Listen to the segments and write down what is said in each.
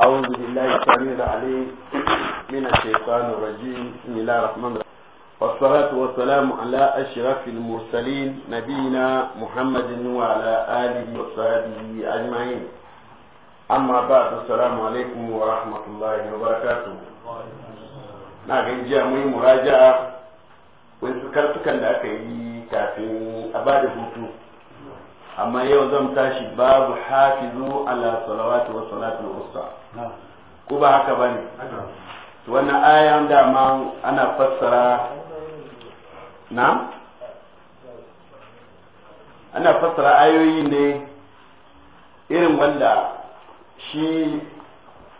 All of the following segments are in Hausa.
أعوذ بالله السميع العليم من الشيطان الرجيم بسم الله الرحمن الرحيم والصلاة والسلام على أشرف المرسلين نبينا محمد وعلى آله وصحبه أجمعين أما بعد السلام عليكم ورحمة الله وبركاته نعم جاء مراجعة وإن ذكرت كان لك كافي أبادة بوتو amma yau zan tashi babu hafizu ala salawatu wa salatul usta ko ba haka bane to wannan da ma ana fassara na ana fassara ayoyi ne irin wanda shi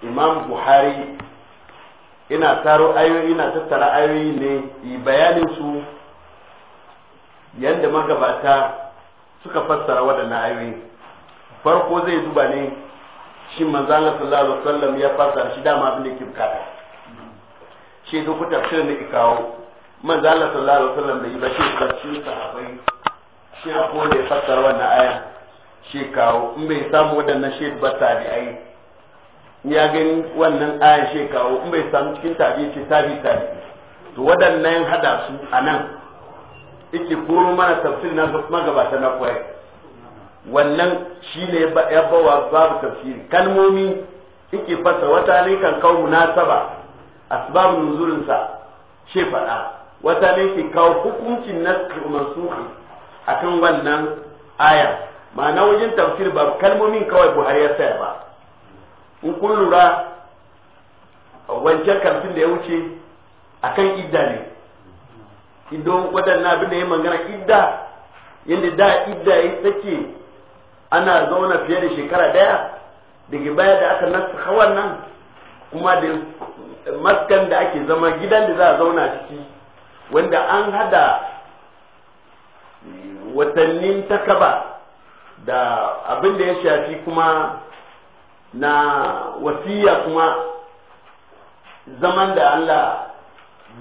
imam buhari ina taro ayoyi ina tattara ayoyi ne yi bayanin su yadda magabata suka fassara waɗannan ayoyi farko zai duba ne shi manzo Allah sallallahu alaihi wasallam ya fassara shi dama abin da yake bukata shi duk tafsirin da ikawo manzo Allah sallallahu alaihi wasallam bai ba shi tafsirin sahabbai shi a ko da ya fassara wannan aya shi kawo in bai samu waɗannan shi ba tabi'ai ya gani wannan aya shi kawo in bai samu cikin tabi'i ce tabi'i tabi'i to waɗannan hada su a nan yake koro mana tafsir na magabata na kwaye wannan shi ne ya bawa babu tafsiri kalmomi yake fasa wata ne kan kawo munasaba asbabun nuzurinsa ce faɗa wata ne ke kawo hukuncin nasu a akan wannan aya ma'ana wajen tafsir ba kalmomin kawai buhari ya saya ba in kun lura wancan kamfin da ya wuce akan idda ne Ido waɗannan abin da ya magana idda yadda da idda ya take ana zauna fiye da shekara daya daga baya da aka nasu hawan nan kuma da maskan da ake zama gidan da za a zauna ciki wanda an hada watannin takaba da abin da ya shafi kuma na wasiya kuma zaman da Allah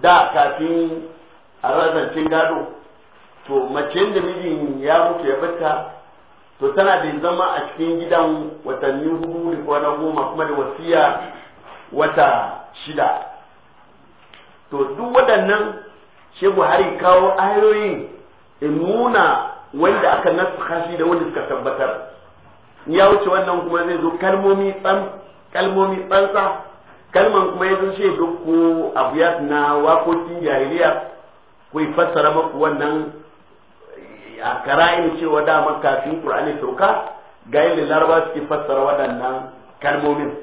da kafin a razancin gado to mace da mijin ya mutu ya bata to tana da zama a cikin gidan watanni hudu da kwana goma kuma da wasiya wata shida to duk waɗannan shi buhari kawo ayoyin in nuna wanda aka nasu kashi da wanda suka tabbatar ya wuce wannan kuma zai zo kalmomi tsan kalmomi tsansa kalman kuma ya zo shi ko abu na wakokin jahiliya ku fassara maku wannan a kara'in cewa dama kafin Qur'ani sauka ga yin Laraba suke fassara waɗannan kalmomin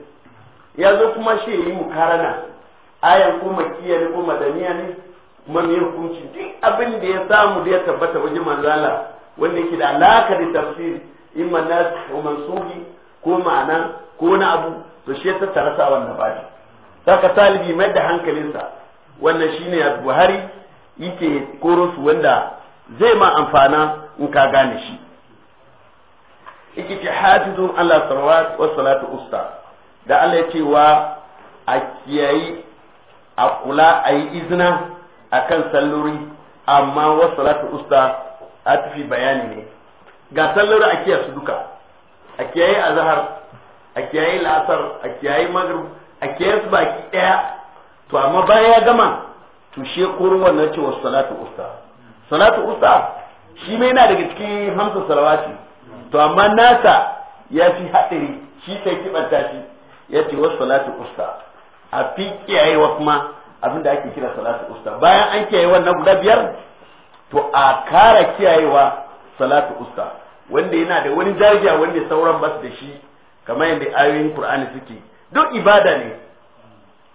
ya zo kuma shi yi mukarana ayan ko makiya ne ko madaniya ne kuma me hukunci duk abin da ya samu da ya tabbata wajen manzala wanda yake da alaka da tafsiri in manas ko mansuhi ko ma'ana ko wani abu to shi ya tattara sa wannan bashi saka talibi mai da hankalinsa wannan shine Buhari yake koro su wanda zai ma amfana in ka gane shi yake ce hafizun Allah salawat wa salatu usta da Allah ya ce wa a kiyayi a kula a yi izina a kan sallori amma wa salatu usta a tafi bayani ne ga sallori a kiyaye su duka a kiyaye azhar a kiyaye la'asar a kiyaye maghrib a kiyaye su baki daya to amma bayan ya gama to shi kurwa na cewa salatu usta salatu usta shi mai yana daga cikin hamsa salawati to amma nasa ya fi haɗari shi sai kibanta shi ya ce wasu salatu usta a fi kiyayewa kuma abinda ake kira salatu usta bayan an kiyaye wannan guda biyar to a kara kiyayewa salatu usta wanda yana da wani jajiya wanda sauran basu da shi kamar yadda ayoyin qur'ani suke duk ibada ne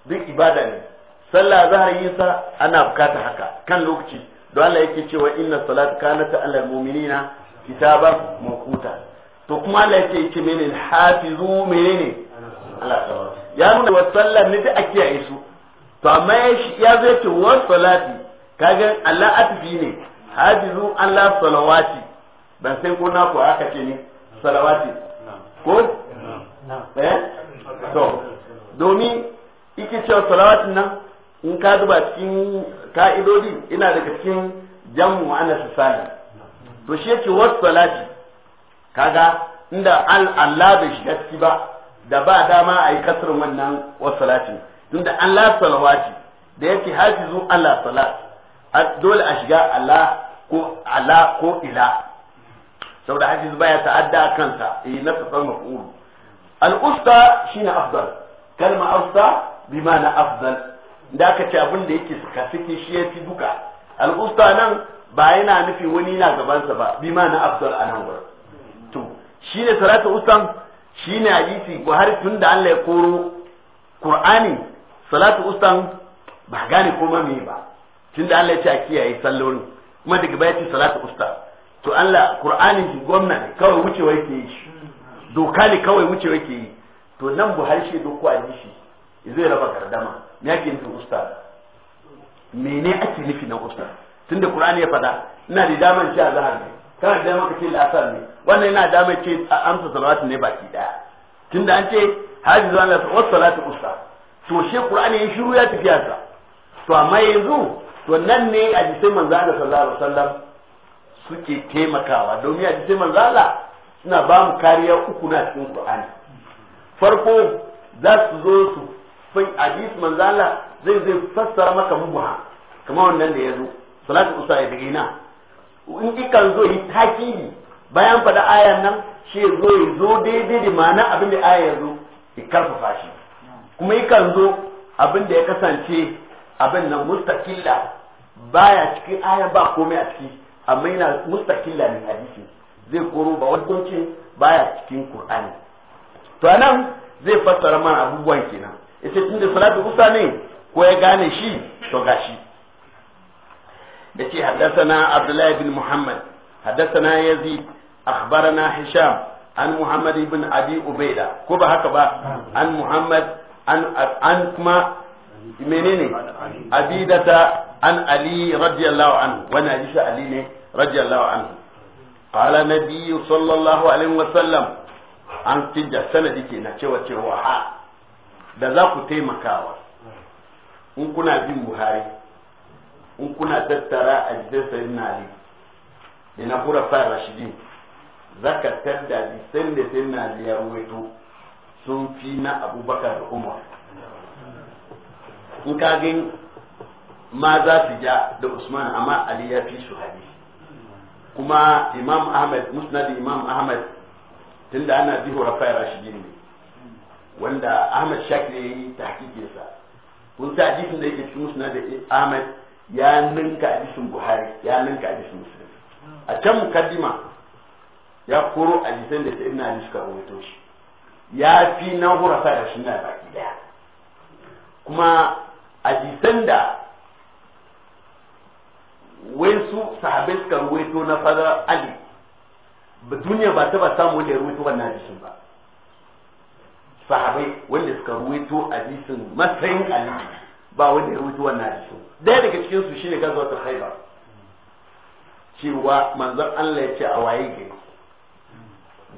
duk ibada ne sallah zahar yin sa ana bukata haka kan lokaci don Allah yake cewa inna salat ta alal mu'minina kitaban mawquta to kuma Allah yake yake mene hafizu menene Allah ya nuna wa sallah ne da ake yi su to amma ya zai wa salati kaga Allah atfi ne hafizu Allah salawati ban sai ko na ko aka ce ne salawati ko eh to domin ike cewa salawatin nan in ka duba cikin ka'idodi ina daga cikin jamu ana sani to shi yake wasu salati kaga inda al Allah bai shiga ciki ba da ba dama a yi kasar wannan wasu salati tunda Allah salawati da yake hafizu Allah salat dole a shiga Allah ko ala ko ila saboda hafiz baya ta'adda kansa eh na tsaron mafulu al usta shine afdal kalma usta bima na afdal da aka ce abin da yake suka shi ya fi duka al'usta nan ba yana nufi wani na gabansa ba bi ma na afdal a nan to shi ne salatu ustan shi ne hadisi buhari tun da allah ya koro qur'ani salatu ustan ba gane ko mamaye ba tun da allah ya ce a kiyaye sallolin kuma daga baya ce salatu usta to allah qur'ani shi gwamna ne kawai wucewa yake yi doka ne kawai wucewa yake yi to nan buhari shi doko shi. zai raba gardama me ake nufin ustaz mene ake nufi na ustaz tunda qur'ani ya fada ina da daman ce azhar ne kana da daman kace la'asar ne wannan ina da daman ce amsa salawatu ne baki daya tunda an ce hajizu ala salatu ustaz to shi qur'ani ya shiru ya tafiya sa to amma yanzu to nan ne a jikin manzo Allah sallallahu alaihi wasallam suke taimakawa domin a jikin manzo Allah suna ba mu kariya uku na cikin qur'ani farko za su zo su fin hadis manzo Allah zai zai fassara maka mubaha kamar wannan da ya zo salatu usa ya na in ikan zo yi takidi bayan faɗa ayan nan shi zo ya zo daidai da ma'ana abin da aya ya zo ya karfafa shi kuma kan zo abin da ya kasance abin nan mustakilla baya cikin aya ba komai a ciki amma yana mustakilla ne hadisi zai koro ba wani baya cikin qur'ani to anan zai fassara mana abubuwan kenan yace tunda salatu kusa ne ko ya gane shi to gashi yace haddathana abdullahi bin muhammad na yazid akhbarana hisham an muhammad ibn abi ubaida ko ba haka ba an muhammad an kuma menene abidata an ali radiyallahu anhu wannan hadisi ali ne radiyallahu anhu قال النبي صلى الله عليه وسلم sanadi ke na da za ku taimakawa in kuna bin buhari in kuna tattara a na nali da na kura fara rashidin zaka tadda jisai da sai nali ya ruwaito sun fi na abubakar da umar in kagin ma za su ja da usman amma ali ya fi su hadi kuma imam ahmad musnad imam tun tunda ana bihu rafa'ir rashidi ne wanda ahmad shakir ya yi ta sa kun sa hadisin da yake cikin musnad da ahmad ya ninka hadisin buhari ya ninka hadisin muslim a can mukaddima ya koro hadisan da sayyidina ali suka rawaito shi ya fi na hurafa da sunna baki daya kuma hadisan da wasu sahabai suka rawaito na fadar ali duniya ba ta ba samu ya rawaito wannan hadisin ba sahabai wanda suka ruwaito hadisin matsayin ali ba wanda ya ruwaito wannan hadisin daya daga cikin su shine gazo ta khaibar cewa manzon Allah ya ce a waye gari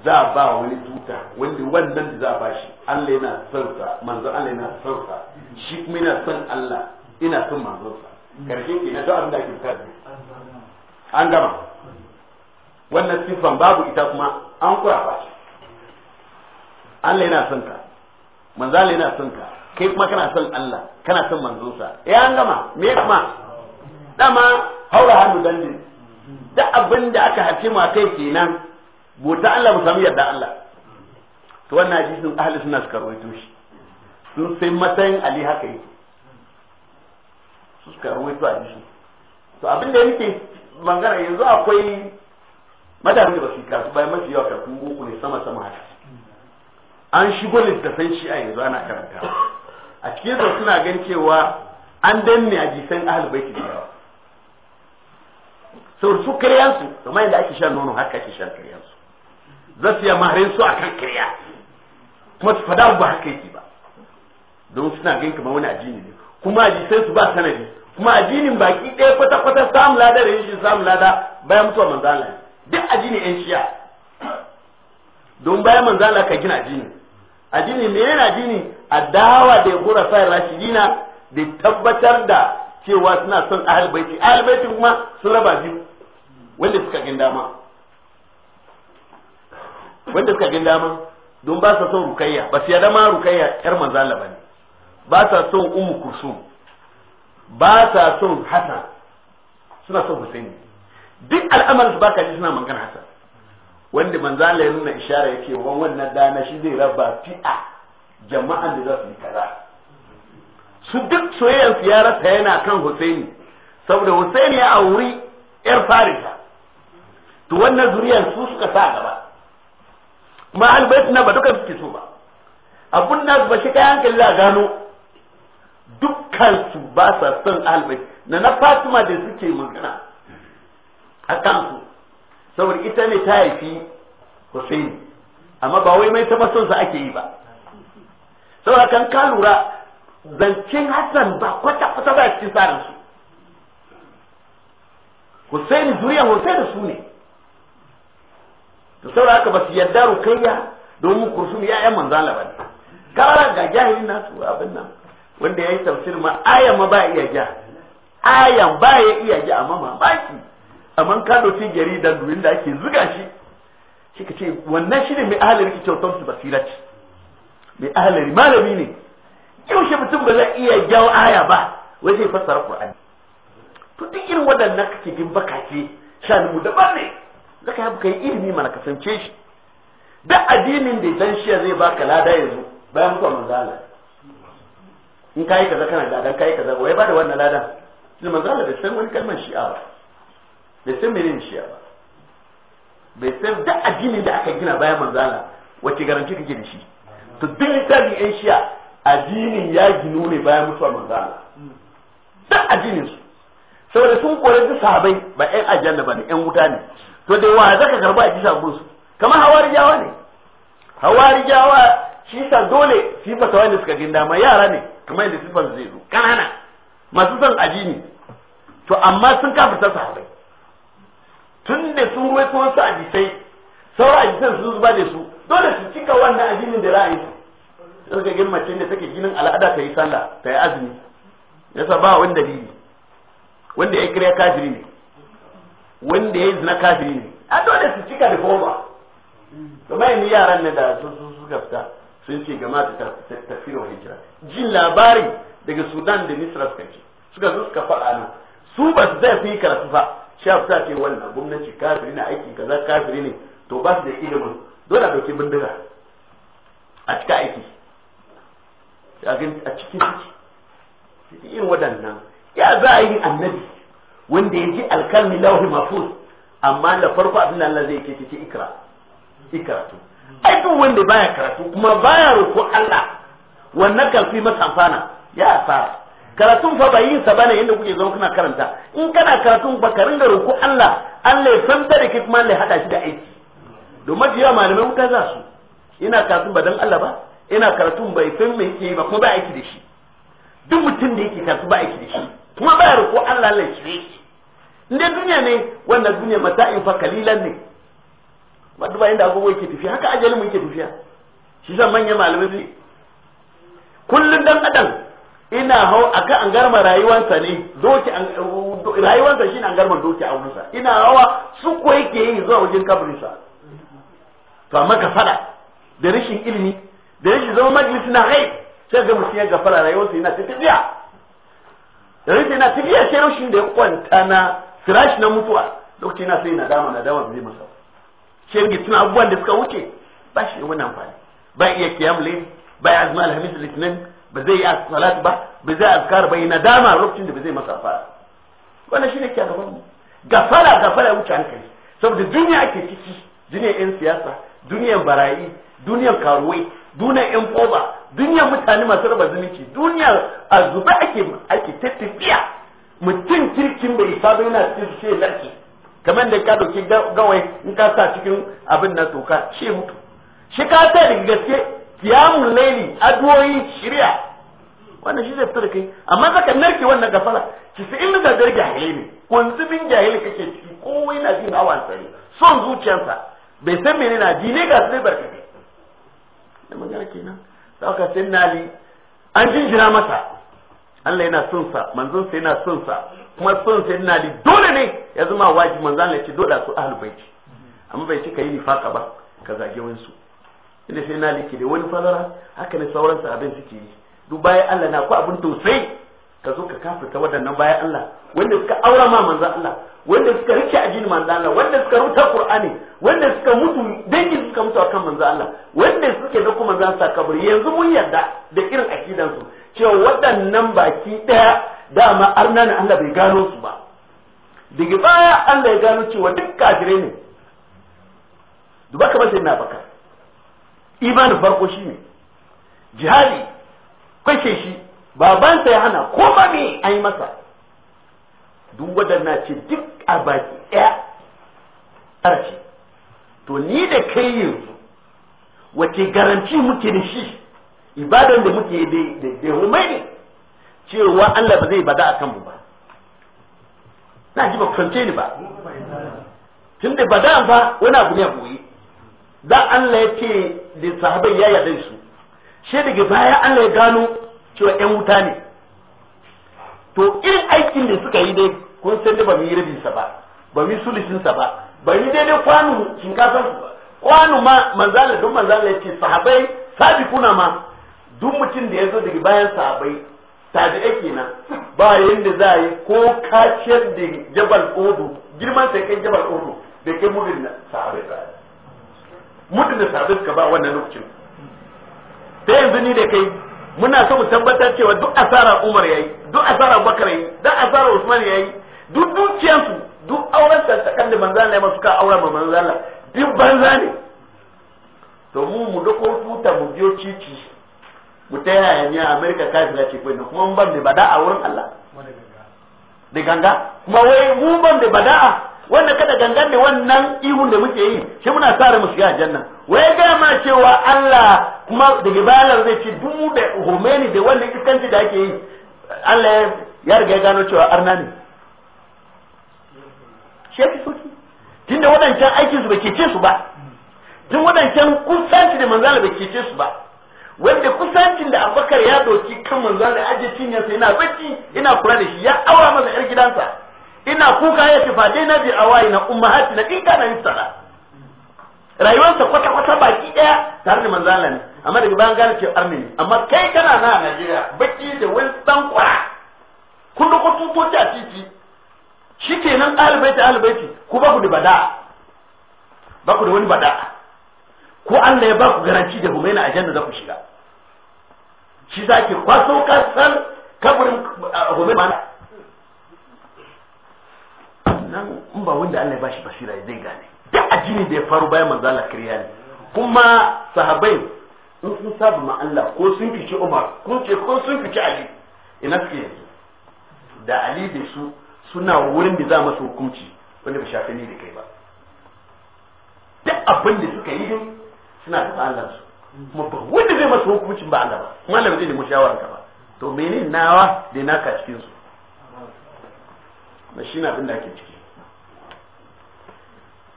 za a ba wani tuta wanda wannan da za a ba shi Allah yana son sa manzon Allah yana son sa shi kuma yana son Allah ina son manzon sa karshen ke na da abin da ake fitar an gama wannan siffan babu ita kuma an kura ba shi Allah yana son ka manzali yana son ka kai kuma kana son Allah kana son manzonsa ya eh, an gama me kuma dama haura hannu dande da abin da aka hace mu kai kenan bota Allah mu samu yarda Allah to wannan hadisin ahli sunna suka rawaito shi sun sai matsayin Ali haka yake suka rawaito hadisi to abin da yake magana yanzu akwai madarin da basu kasu bayan mafi yawa karatu boko ne sama sama haka an shigo littafin shi a yanzu ana karanta a cikin sa suna gan cewa an danne a jisan ahal baiti da yawa sau su karyansu kuma inda ake shan nono haka ake shan karyansu za su yi maharin su akan karya kuma su fada ba haka yake ba don suna gan kamar wani ajini ne kuma ajisai su ba sanadi kuma ajinin baki ɗaya kwata-kwata samun lada da yin samun lada bayan mutuwa manzana duk ajini yan shiya don bayan manzana ka gina ajini addini me yana addini dawa da gura sai rashidina da tabbatar da cewa suna son ahal baiti kuma sun raba biyu wanda suka gin dama wanda suka gin dama don ba sa son rukayya ba su yarda ma rukayya yar manzo Allah bane ba sa son ummu kursum ba sa son hasan suna son husaini duk al'amarin su baka ji suna magana hasan wanda manzo Allah ya nuna ishara yake wa wannan dana shi zai raba fi'a jama'an da za su yi kaza su duk soyayyar su ya rasa yana kan Husaini saboda Husaini ya auri yar Farisa to wannan zuriyar su suka sa gaba kuma albayt na ba duka suke so ba abun na ba shi kayan hankali a gano dukkan su ba sa son albayt na na Fatima da suke magana a kansu saboda ita ne ta haifi Hussein amma ba wai mai taba son sa ake yi ba saboda kan ka lura zancen Hassan ba kwata kwata ba cikin tsarin su Hussein zuriyan Hussein su ne to saboda haka ba su yarda rukayya domin kursu ya yan manzo Allah ne kara ga jahilin nasu abin nan wanda yayi tafsir ma ayan ma ba iya ja ayan ba ya iya ja amma mamaki amma ka dauki jaridan duwin da ake zuga shi shi ka ce wannan shi ne mai ahalari ki kyautar su basira ce mai ahalari malami ne yaushe mutum ba zai iya jawo aya ba wai zai fassara qur'ani to duk irin waɗannan kake baka bakake shanu mu daban ne zaka yi yi ilimi mana kasance shi da addinin da dan shi zai baka lada yanzu bayan mutuwa manzala in kai kaza kana da dan kai kaza wai ba da wannan lada? shi manzala da bai san wani kalmar shi'a bai san menene shi ba bai san da addinin da aka gina bayan manzala wace garanti kake da shi to duk littafin yan a, addinin ya ginu ne bayan mutuwar manzala da addinin su saboda sun kore duk sahabai ba yan aljanna ba ne yan wuta ne to da wa zaka karba a kisa gurin su kamar jawa ne Hawari jawa shi sa dole sifata wanda suka gina ma yara ne kamar yadda sifar zai zo kanana masu son addini to amma sun kafirta sahabai tun da sun ruwaito su ajisai sauran ajisan sun zuba da su dole su cika wannan ajinin da ra'ayi su suka girma ce da take ginin al'ada ta yi sallah ta yi azumi yasa ba wani dalili wanda ya kira kafiri ne wanda ya yi zina kafiri ne a dole su cika da goma kamar yanzu yaran ne da sun suka fita sun ce gama ta tafiyar hijira jin labari daga sudan da misra suka ce suka zo suka faɗa nan su ba su zai fi karatu ba sha ta ce wannan gwamnati kafiri na aiki kaza kafiri ne to ba su da ilimin dole a dauki bindiga a cika aiki a cikin ciki irin waɗannan ya za a yi annabi wanda ya ji alkalmi lauhi mafus amma da farko abin da Allah zai ce cikin ikra ikratu ai duk wanda baya karatu kuma baya roƙo Allah wannan kalfi masa amfana ya fara karatun fa ba yin sa bane inda kuke zama kuna karanta in kana karatun ba ka ringa roku Allah Allah ya san da ke kuma Allah hada shi da aiki domin jiya malamai kuka za su ina karatun ba dan Allah ba ina karatun bai san me yake ba kuma ba aiki da shi duk mutum da yake karatu ba aiki da shi kuma ba roku Allah Allah ya shirye shi inda duniya ne wannan duniya mata'in fa kalilan ne ba duba inda agogo yake tafiya haka ajalin mu yake tafiya shi zan manyan malamai kullum dan adam ina hau ka an garma rayuwansa ne doki rayuwansa shine an garma doki a wurinsa ina hawa su ko yake yi zuwa wajen kabrinsa to amma ka fada da rashin ilimi da rashin zama majalisi na hai sai ga mutum ya gafara rayuwarsa yana ta tafiya da rashin yana tafiya sai rashin da ya kwanta na firashi na mutuwa lokacin yana sai na dama na dama zai masa sai ga tuna abubuwan da suka wuce ba shi da wani amfani ba iya kiyam ba ya azuma alhamis litinin ba zai yi salatu ba ba zai azkar ba yi nadama lokacin da ba zai masa fara wannan shine ke gaban mu gafara gafara ya wuce hankali saboda duniya ake ciki duniyar yan siyasa duniyar barayi duniyar karuwai duniyar yan koba duniyar mutane masu raba zumunci duniyar a zuba ake ake tafiya mutum kirkin bai sabo yana cikin sai larki kamar da ka dauki gawai in ka sa cikin abin na toka shi mutu shi ka ta da gaske kiyamun laili addu'o'i shiriya wannan shi zai da kai amma zaka narke wannan gafara in da zargi jahili ne kunzumin jahili kake ciki kowai na jin hawan sani son zuciyarsa bai san mene na dine ga sai barka da magana kenan saka sai nali an jinjira masa Allah yana son sa manzon sa yana son sa kuma son sa yana li dole ne ya zama wajibi manzon Allah ya ce dole su ahlul baiti amma bai ci kai faka ba ka zage wani su ina sai na liki da wani fadara haka ne sauran abin suke yi duk bayan Allah na ku abin tausayi ka zo ka kafirta waɗannan bayan Allah wanda suka aura ma manzo Allah wanda suka rike ajin manzo Allah wanda suka rubuta Qur'ani wanda suka mutu dangin suka mutu akan manzo Allah wanda suke da kuma za su yanzu mun yarda da irin akidan su cewa waɗannan baki daya dama arna na Allah bai gano su ba daga baya Allah ya gano cewa duk kafirai ne duba kamar sai na baka imanin farko shi ne jihadi kwashe shi babansa ya hana ko ba me an yi masa duk waɗannan ce duk a baki ɗaya ce to ni da kai yanzu wace garanci muke da shi ibadan da muke da ne cewa Allah ba zai bada a kanmu ba na ji ba ku ni ba tun da bada ba wani abu ne a da Allah ya ce da sahabai ya yarda su shi daga baya Allah ya gano cewa yan wuta ne to irin aikin da suka yi dai kun san da ba mu yi rabin sa ba ba mu yi sa ba ba mu daidai kwano shinkafa kwano ma manzala duk manzala ya ce sahabai sabi kuna ma duk mutum da ya zo daga bayan sahabai tabi'a kenan ba yanda za a yi ko kaciyar da jabal odo girman sai kai jabal odo da kai mudin sahabai ba mutum da sabbin ka ba wannan lokacin ta yanzu ni da kai muna so mu tabbatar cewa duk asara Umar yayi duk asara Bakar yayi duk asara Usman yayi duk dukiyansu duk auren tattakan da manzan Allah masu ka aura ba manzan Allah duk banza ne to mu mu ko tuta mu biyo cici mu ta yaya ne America kafira ce kai kuma mun ban da bada a wurin Allah da ganga kuma wai mu ban da bada'a wannan kada gangan ne wannan ihun da muke yi shi muna sa mu shiga janna wai ga ma cewa Allah kuma da gibalar zai ci duk da homeni da wannan iskanci da ake yi Allah ya riga ya gano cewa arna ne shi yake soki da wadancan aikin su bai ce su ba tun wadancan kusanci da manzala bai ce su ba wanda kusancin da abubakar ya doki kan manzala aje cinyarsa yana bacci yana kula da shi ya aura masa yar gidansa ina kuka ya tafa na bi awai na ummahati na kinka na nisara rayuwarsa kwata kwata baki daya tare da manzala ne amma daga bayan gane ce armeni amma kai kana na Najeriya baki da wani dan kwara kun da tuto a titi shikenan albayti albayti ku ba ku da bada ba ku da wani bada ko Allah ya ba ku garanti da kuma a ajanda za ku shiga shi zaki kwaso kasar kabarin eh, Humaina wannan in ba wanda Allah ya bashi basira zai gane duk ajini da ya faru bayan manzo Allah kariya ne kuma sahabbai in sun saba ma Allah ko sun fice Umar ko ce ko sun fice Ali ina suke yanzu da Ali da su suna wurin da za masu hukunci wanda ba shafi ni da kai ba duk abin da suka yi suna da Allah su kuma ba wanda zai masa hukuncin ba Allah ba kuma Allah bai da ka ba to menene nawa da naka cikin su na shi na abin da ake ciki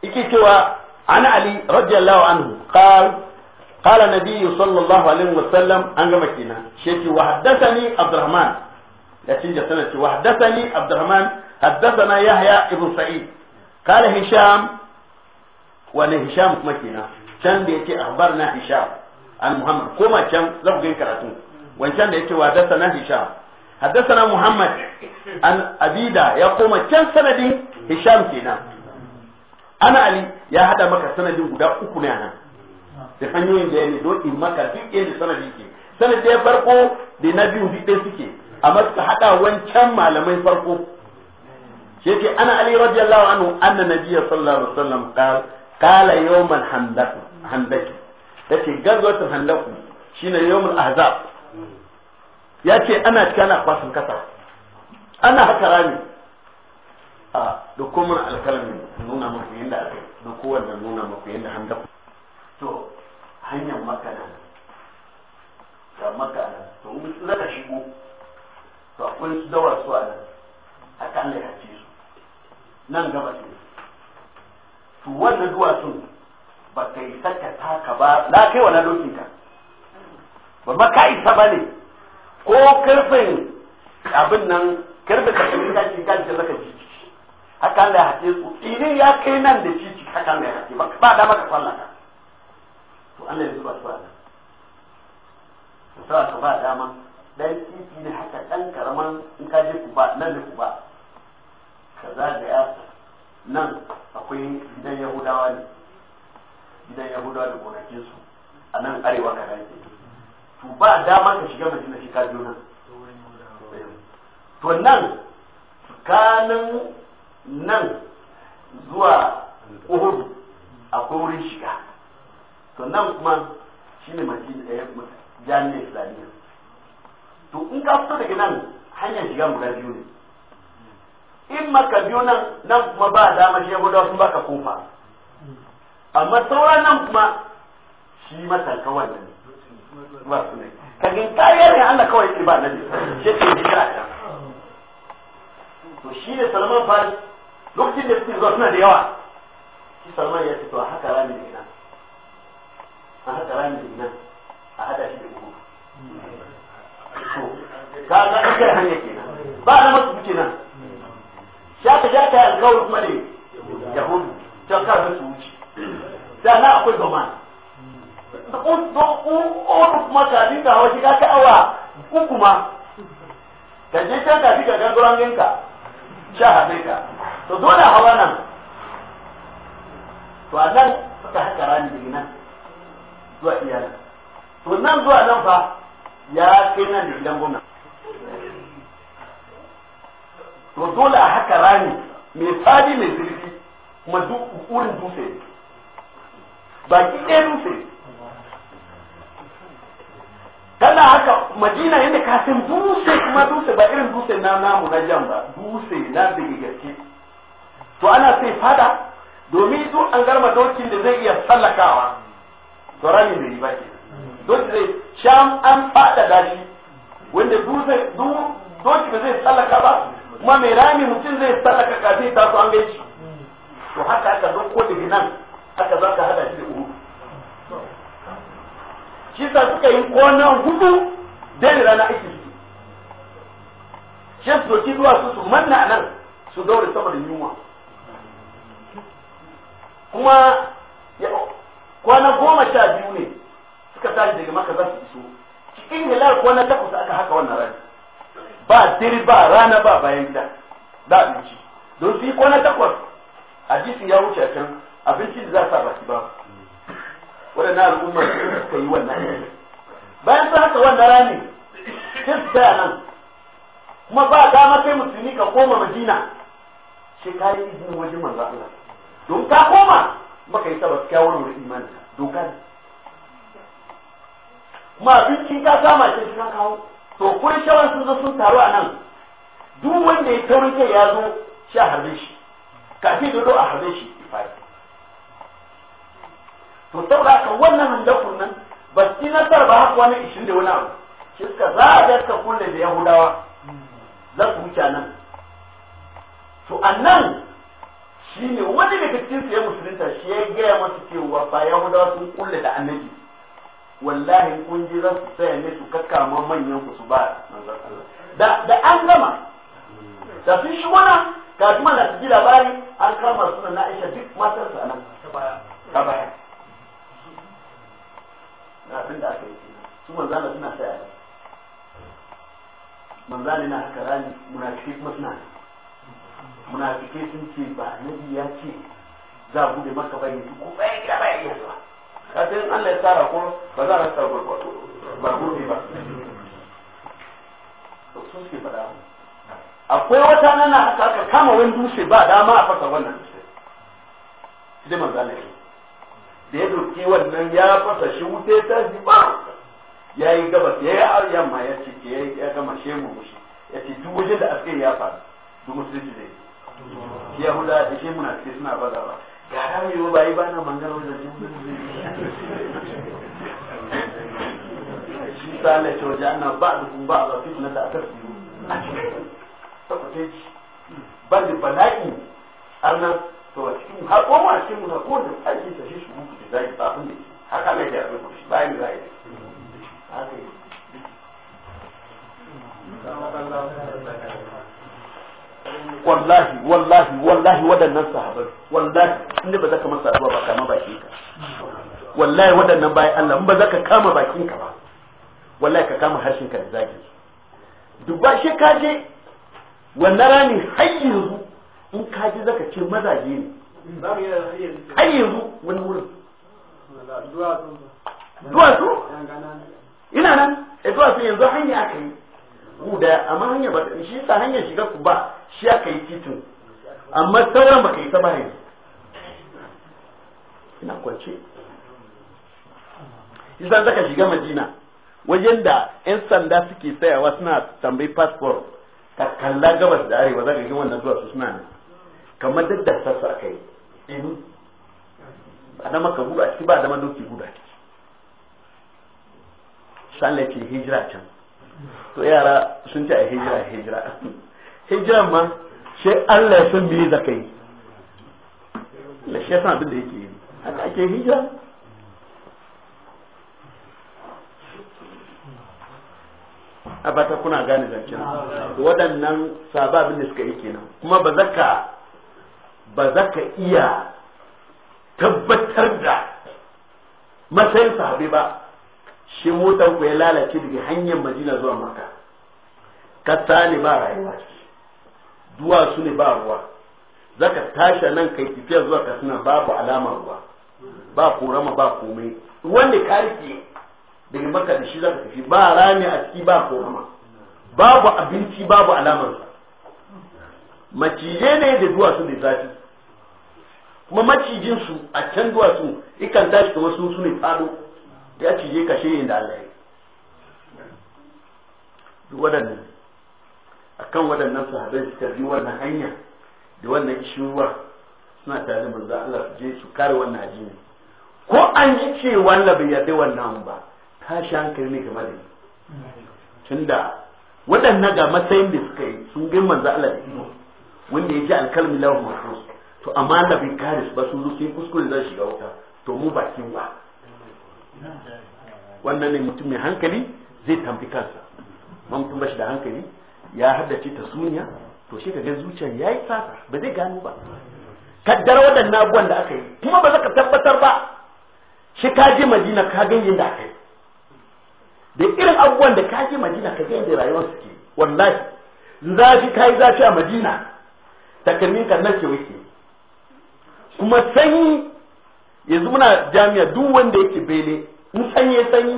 Iki cewa an ali radiyallahu anhu qal qala nabiy sallallahu alaihi wasallam an gama kenan shi ce wa haddathani abdurrahman lakin ya sanar ce wa haddathani abdurrahman haddathana yahya ibn sa'id qala hisham wa hisham kuma can da yake akhbarna hisham an muhammad kuma can zaku ga karatu wancan da yake wa haddathana hisham حدثنا محمد عن أبيدا يقوم كم سنة هشام كنا ana ali ya hada maka sanadin guda uku ne nan da hanyoyin da ya ne don maka duk inda sanadin ke sanadin ya farko da na biyu duk ɗaya suke amma suka hada wancan malamai farko yake ana ali radiyallahu anhu anna nabiyya sallallahu alaihi wasallam qala qala yawman handak handaki yace gazwatul handaku shine yawmul ahzab yace ana cikin ana kwasan kasa ana haka rami a dukkan mun alkalami nuna muku yadda aka duk wanda nuna muku yadda an dafa to hanyar maka nan ga maka nan to mun ka shigo to akwai su dawa su a nan a Allah ya ce su nan gaba ce to wannan duwatsun ba ka isa ka taka ba na kai wannan dokin ka ba ba ka isa ba ne ko karfin abin nan karfe ka shiga cikin kan da zaka ji haka Allah ya hake su tsire ya kai nan da cici haka Allah ya hake ba da maka ka to Allah ya zuba su ba da to sai ka ba dama dan titi ne haka dan karaman in ka je ku ba nan da ku ba kaza da ya nan akwai gidan Yahudawa ne gidan Yahudawa da gonakin su a nan arewa ka dace to ba dama ka shiga Madina shi ka biyo nan to nan tsakanin nan zuwa uhudu akwai wurin shiga to nan kuma ne mace eh, da ya jami'a islamiyya to in ka fito daga nan hanyar shiga guda biyu ne in maka biyu nan nan kuma ba damar shi guda sun baka kofa amma sauran nan kuma shi ka wannan ba su ne gin kariyar ne Allah kawai ke ba nan ne shi ke jira to shi ne salman fari. lokacin da suke zuwa suna da yawa shi salman ya ce to a haka rami da ina a haka rami da ina a hada shi da kuma ka ga an kai hanya kenan ba na masu suke nan Shaka aka ja ta kuma ne yahudu ka zai su wuce sannan akwai goma da ƙoƙo kuma hawa shi awa uku ka je can kafin ka gangaron sha haɗe ka to dole hawa nan to a nan suka haka rani daga nan zuwa iyalan to nan zuwa nan fa ya kai nan da gidan gwamna to dole a haka rani mai tsadi mai zirfi kuma duk wurin dutse baki ɗaya dutse kana haka madina yadda ka san dutse kuma dutse ba irin dutse na namu na jan ba dutse na da gaske to ana sai fada domin duk an garma dokin da zai iya tsallakawa to rami da yi ba ke dokin zai sham an fada dashi wanda dutse dokin da zai tsallaka ba kuma mai rami mutum zai tsallaka kafin ta su an gaishe to haka aka zo ko daga nan haka za ka hada shi da uhudu shi sa suka yi kwana hudu dare rana ake su shi su doki zuwa su su manna nan su daure saboda yunwa kuma kwana goma sha biyu ne suka tashi daga maka za su iso cikin hilar kwana takwas aka haka wannan rana ba dare ba rana ba bayan gida da abinci don su yi kwana takwas jisun ya wuce a can abincin da za a sa su ba waɗannan al'umma su suka yi wannan bayan sun haka wannan rami sai su nan kuma ba dama sai musulmi ka koma madina sai ka yi izinin wajen manzo Allah don ka koma maka yi sabar kyawar wurin imanin doka ne kuma abincin ka sama ce shi ka kawo to kun shawar sun zo sun taru a nan duk wanda ya taurin kai ya zo shi a harbe shi kafin dodo a harbe shi ifai to saboda haka wannan handakun nan ba su ci nasar ba haka wani ishirin da wani abu shi suka zaga ka kulle da yahudawa za su wuce nan to annan shi ne wani daga cikin su ya musulunta shi ya gaya masu cewa ba yahudawa sun kulle da annabi wallahi kun ji za su tsaya ne su kakkama manyan ku su ba da da an gama da sun shi wani kafin mana su ji labari an kama suna na aisha duk matarsa nan ta baya da abin da aka yi su manzana suna tsaya manzana na haka rani munafike kuma suna munafike sun ce ba annabi ya ce za a bude maka bayan su ko bayan gida bayan iya zuwa kafin Allah ya tsara ko ba za a rasa gurgurdu ba gurbe ba sun ce faɗa akwai wata nana haka aka kama wani dutse ba dama a fasa wannan dutse sai manzana ya da ya dauki wannan ya fasa shi wuce ta shi ba ya yi da ya yi yamma ya ce ya gama mu mushi ya ce duk wajen da askari ya faru duk musulunci zai yi huda da shi na ce suna baza ba ga ramewa ba yi ba na mangar wajen shi shi sa na ce wajen ana ba da kuma ba a zafi na da aka fi yi ban da bala'i arnan to a cikin har ko cikin mutum ko da aiki ta shi su mutu da zai ba abin haka mai da abin shi bayan da yi haka yi wallahi wallahi wallahi waɗannan sahabai wallahi inda ba za ka masa zuwa ba kama bakin ka wallahi waɗannan bayan Allah in ba za ka kama bakin ka ba wallahi ka kama harshen ka da zagin Duk dubba shi ka je wannan rani har yanzu in ka ji zaka ce mazaje ne har yanzu wani wurin duwatsu ina nan a eh, duwatsu yanzu hanya aka yi guda amma hanya ba shi sa hanyar shiga ku ba shi aka yi titin amma sauran baka yi ta ba yanzu ina kwance idan zaka shiga madina wajen da 'yan sanda suke tsayawa suna tambayi passport ka kalla gabas da arewa zaka yi wannan su suna ne. kamar duk da sassa aka yi inu ba da maka guda ciki ba da man doki guda ciki sannan ce hijira can to yara sun ce a hijira hijira hijira ma shi Allah ya san me zaka yi la she san abin da yake yi haka ake hijira a bata kuna gane zancen waɗannan sababin da suka yi kenan kuma ba zaka ba za ka iya tabbatar da matsayin sahabi ba shi motar ku ya lalace daga hanyar majina zuwa maka kasa ne ba rayuwa duwatsu ne ba ruwa za ka tasha nan kai tafiya zuwa kasina babu alama ruwa ba korama ba komai wanda ka rike daga maka da shi za ka tafi ba rami a ciki ba korama babu abinci babu alamar alamarsa macije ne da duwatsu da zafi kuma macijin su a can duwatsu ikan tashi kamar su su ne tsado ya cije kashe yin da Allah ya duk waɗannan kan waɗannan sahabbai su bi wannan hanya da wannan kishiwa suna tare da za Allah su je su kare wannan addini ko an ji ce wanda bai yarda wannan ba tashi hankali ne game da ni tunda waɗannan ga matsayin da suka yi sun girma za Allah da ido wanda ya ji alkalmi lawan mahfuz to amma Allah bai kare su ba su zo sun kuskure zan shiga wuta to mu bakin wa wannan ne mutum mai hankali zai tambi kansa ma mutum bashi da hankali ya haddace ta suniya to shi kaga zuciyar yayi sasa ba zai gano ba kaddar waɗannan abubuwan da aka yi kuma ba za ka tabbatar ba shi ka je madina ka ga da aka yi da irin abubuwan da ka je madina ka ga yadda rayuwar suke wallahi zafi ka yi zafi a madina takalmin ka nan ke wuce kuma sanyi yanzu muna jami'a duk wanda yake bele in sanyi ya sanyi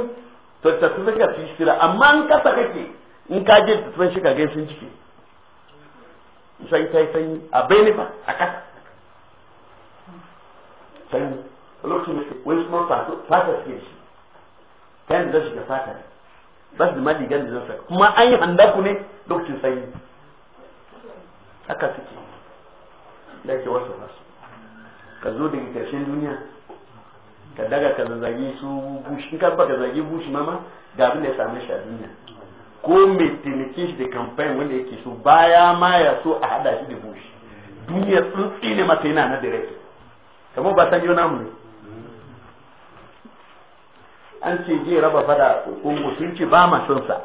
to ta tafi ka fi sira amma in kasa kake in ka je ta tafi ka gaisun ciki sai ta yi sanyi a bele ba a kasa sanyi a lokacin da wani kuma fata suke shi kayan da za shiga fata ne ba su da madigan da za kuma an yi handaku ne lokacin sanyi haka suke da ke wasu fasu ka zo daga karshen duniya ka daga ka zazzage su bush in ka baka zagi bush mama ga abin da ya same shi a duniya ko mai taimake shi da kamfain wanda yake so baya ma ya so a hada shi da bush duniya tsuntsi ne mata yana na direct kamar ba san yona mu an ce je raba fada kungu sun ce ba ma son sa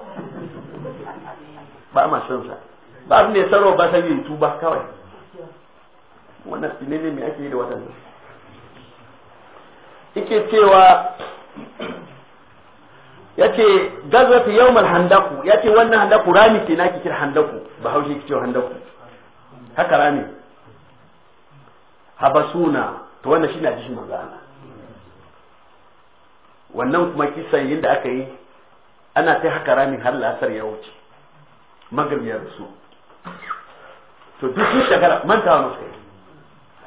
ba ma son sa ba abin da ya ba san yin tuba kawai wannan ne mai ake yi da waɗannan ike cewa ya ce yau mal handaku ya ce wannan handaku rami ke na kikir handaku ba haushe ke cewa handaku haka rami habasuna to wannan shi na ji shi manzana wannan kuma kisan yadda aka yi ana ta haka rami har la'asar ya wuce magamiyar su to duk shi shagara mantawa musu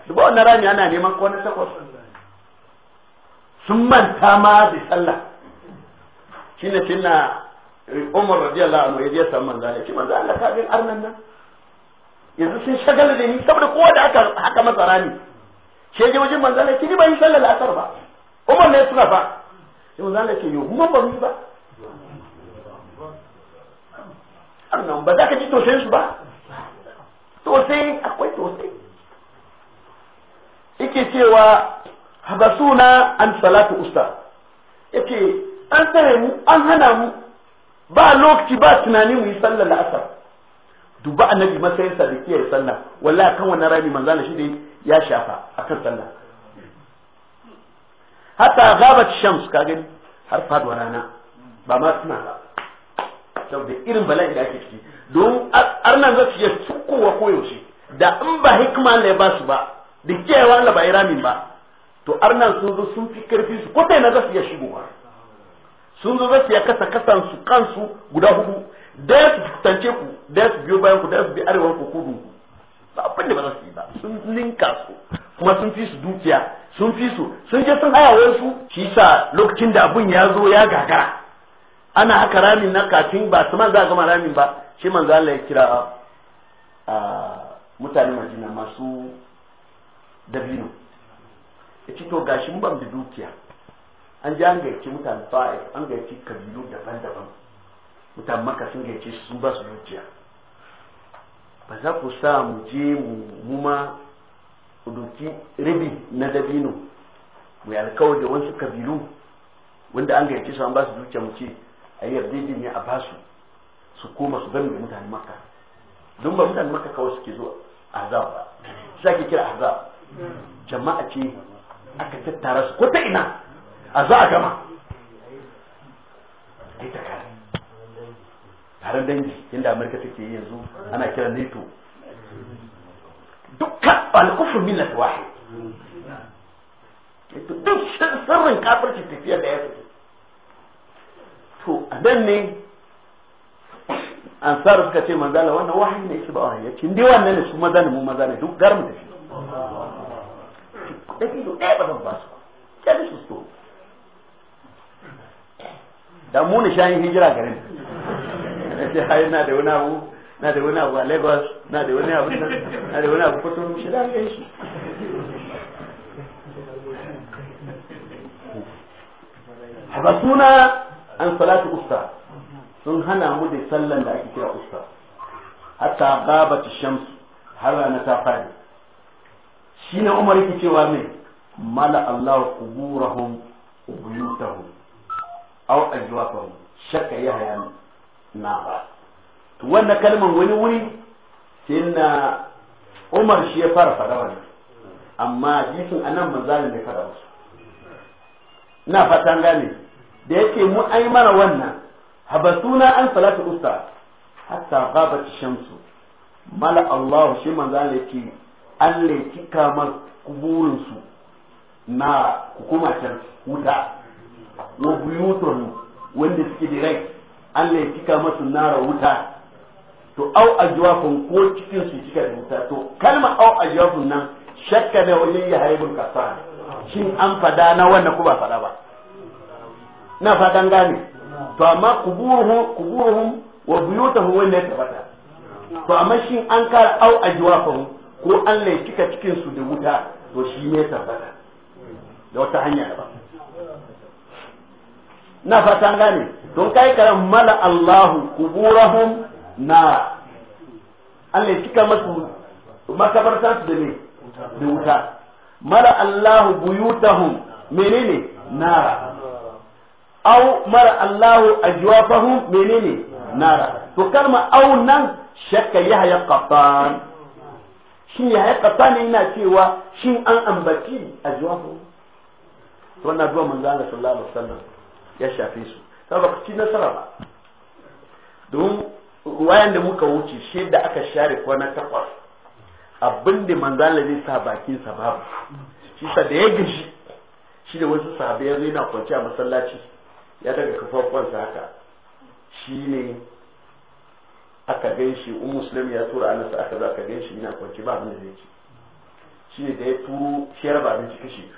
duba wannan rami ana neman kwanan takwas sun manta ma da sallah shi ne tuna umar radiyallahu anhu ya je san manzo ya ce manzo Allah ka bin arnan nan yanzu sun shagala da ni saboda kowa da aka haka masa rami shi ya je wajen manzo ya ce ni ban yi sallah la'asar ba umar ne suna fa shi manzo Allah ya ce kuma ban yi ba arnan ba za ka ji tausayin su ba tausayi akwai tausayi yake cewa habasuna an salatu usta yake an tsare mu an hana mu ba lokaci ba tunani mu yi sallar asar. duba annabi matsayin sa da kiyaye sallah wallahi kan wannan rami manzana shi ne ya shafa akan sallah hatta gabat shams ka gani har faduwa rana ba ma suna ba saboda irin bala'i da ake ciki don arnan za su iya tukowa koyaushe da in ba hikima ne ba su ba da kiyayewa Allah ba ya ramin ba to arnan sun zo sun fi karfi su ko na za su iya shigowa sun zo za su kasa kasan su kansu guda hudu da su tantance ku da su biyo bayan ku da su bi arewa ku kudu ba abin da ba za su yi ba sun linka su kuma sun fi su dukiya sun fi su sun je sun haya wasu shi sa lokacin da abun ya zo ya gagara ana haka ramin na kafin ba su man za a gama ramin ba shi manzo Allah ya kira a ah, mutane majina masu dabino ya ce to gashi ban da dukiya an ji an gaici mutane fa'a, an gaici kabilu daban-daban mutane maka sun gaice su sun ba su dukiya ba za ku sa mu je mu ma doki ribi na dabino mu yi alkawar da wasu kabilu wanda an gaice su an ba su dukiya mu ce a yi yarjejeniya a ba su su koma su gani da mutane maka don ba mutane maka kawai suke zo azab ba shi ake kira azab jama'a ce aka tattara su ko ta ina a za a gama ai ta kare taron dangi inda amurka take yi yanzu ana kira nato dukkan alkufur millat wahid duk sirrin kafirci tafiya da ya fito to a nan ne ansar suka ce manzala wannan wahayi ne shi ba wahayi ya ce ndi wannan ne su maza ne mu maza ne duk garmu tafiya da ido ɗaya ba ba su su da mu ne shayin hijira garin sai hayi na da wani abu na da wani abu na da wani abu na da wani abu fito da shi an salatu usta sun hana mu da sallan da ake kira usta hatta gabata shamsu har rana ta shi ne umar yake cewa ne mala Allah kuburahum ubuyutahum aw ajwafahum shakka ya haya na ba to wannan kalmar wani wuri sai na umar shi ya fara fada wannan amma jikin anan manzalin da fada musu ina fatan gane da yake mu ai mana wannan habasuna an salatu usta hatta ghabat shamsu mala Allah shi manzalin yake Allah ya cika kuburinsu na hukuma can wuta wa buyutun wanda suke direct Allah ya cika masu nara wuta to au ajwafun ko cikin su cika da wuta to kalma au ajwafun nan shakka da wani ya haibul kasa shin an fada na wannan ku ba fada ba na fadan gane to amma kuburuhum kuburuhum wa buyutuhum wanda ya tabbata to amma shin an kar au ajwafun ko Allah ya cika cikin su da wuta to shi ne tabbata da wata hanya ba na fatan gane don kai karam mala Allahu kuburahum na Allah ya cika masu makabarta su da ne da wuta mala Allahu buyutahum menene nara aw mara Allahu ajwafahum menene nara to kalma aw nan shakka yahya qattan shi ya yi ne yana cewa shi an ambaci a jawabu wannan addu'a manzo Allah sallallahu alaihi wasallam ya shafe su saboda ba ci nasara ba don wayan da muka wuce shi da aka share na takwas abin da manzo Allah zai sa bakin sa babu shi sa da ya gaji shi da wasu sahabbai yana kwance a masallaci ya daga kafafuwansa haka shi ne. aka gan shi un musulmi ya tura anasa aka za ka gan shi yana kwanci ba abin da zai ci shi ne da ya turo shiyar ba abinci kashi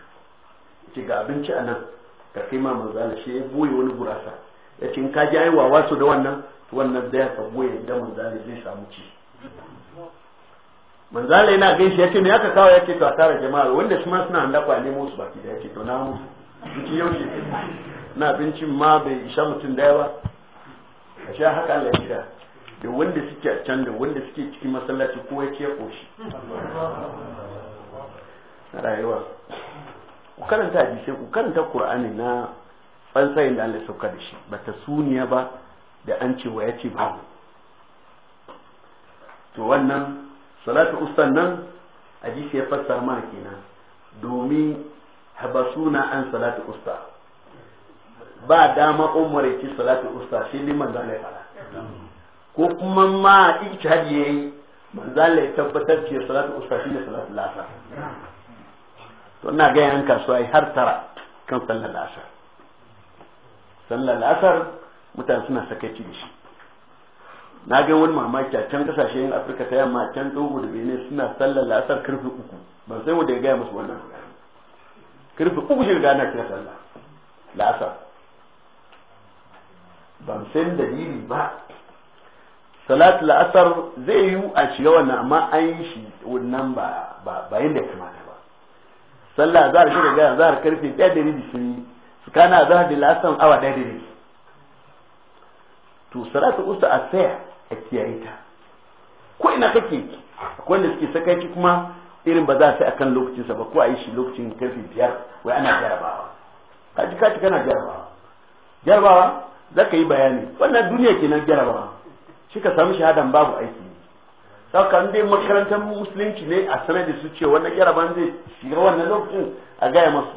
ki ga abinci a nan ka kai ma manzala shi ya boye wani gurasa ya ce in ka ji ai wawa su da wannan to wannan da ya boye da manzala zai samu ci manzala yana gan shi ya ce me aka kawo ya ce to a tara jama'a wanda su ma suna andakwa ne musu baki da ya ce to na musu biki yau na abincin ma bai isha mutum daya ba a sha haka Allah ya da wanda suke a can da wanda suke cikin masallaci ko ya ce ya koshi na rayuwa ku karanta hadisai ku karanta qur'ani na fansayin da Allah sauka da shi ba ta suniya ba da an ce wa yace ce to wannan salatu ustan nan hadisi ya fassara mana kenan domin habasuna an salatu usta ba dama umar ya ci salatu usta shi liman zalai fara ko kuma ma ijtihadi yayi manzo Allah ya tabbatar ce salatu ushafi da salatu lasa to ina ga yan kasuwa har tara kan sallar asar sallar asar mutane suna sakaici da shi na ga wani mamaki a can kasashe yin afirka ta yamma can togo da benin suna sallar la'asar karfe uku ban sai wanda ya gaya musu wannan karfe uku shi gana kira sallar la'asar ban san dalili ba salatu la'asar zai yi a shiga wannan amma an yi shi wannan ba ba yadda kamata ba sallah za shiga gaya, za a karfe ɗaya da rabi sun yi su kana zahar da la'asar awa ɗaya da rabi to salatu usta a tsaya a kiyaye ta ko ina kake akwai wanda suke sakaici kuma irin ba za a sai akan lokacinsa ba ko a yi shi lokacin karfe biyar wai ana jarabawa kaji kaji kana jarabawa jarabawa za ka yi bayani wannan duniya kenan jarabawa shi samu shahadan babu aiki saka dai makarantar musulunci ne a sanadi da su ce wannan yaraban zai shiga wannan lokacin a gaya masu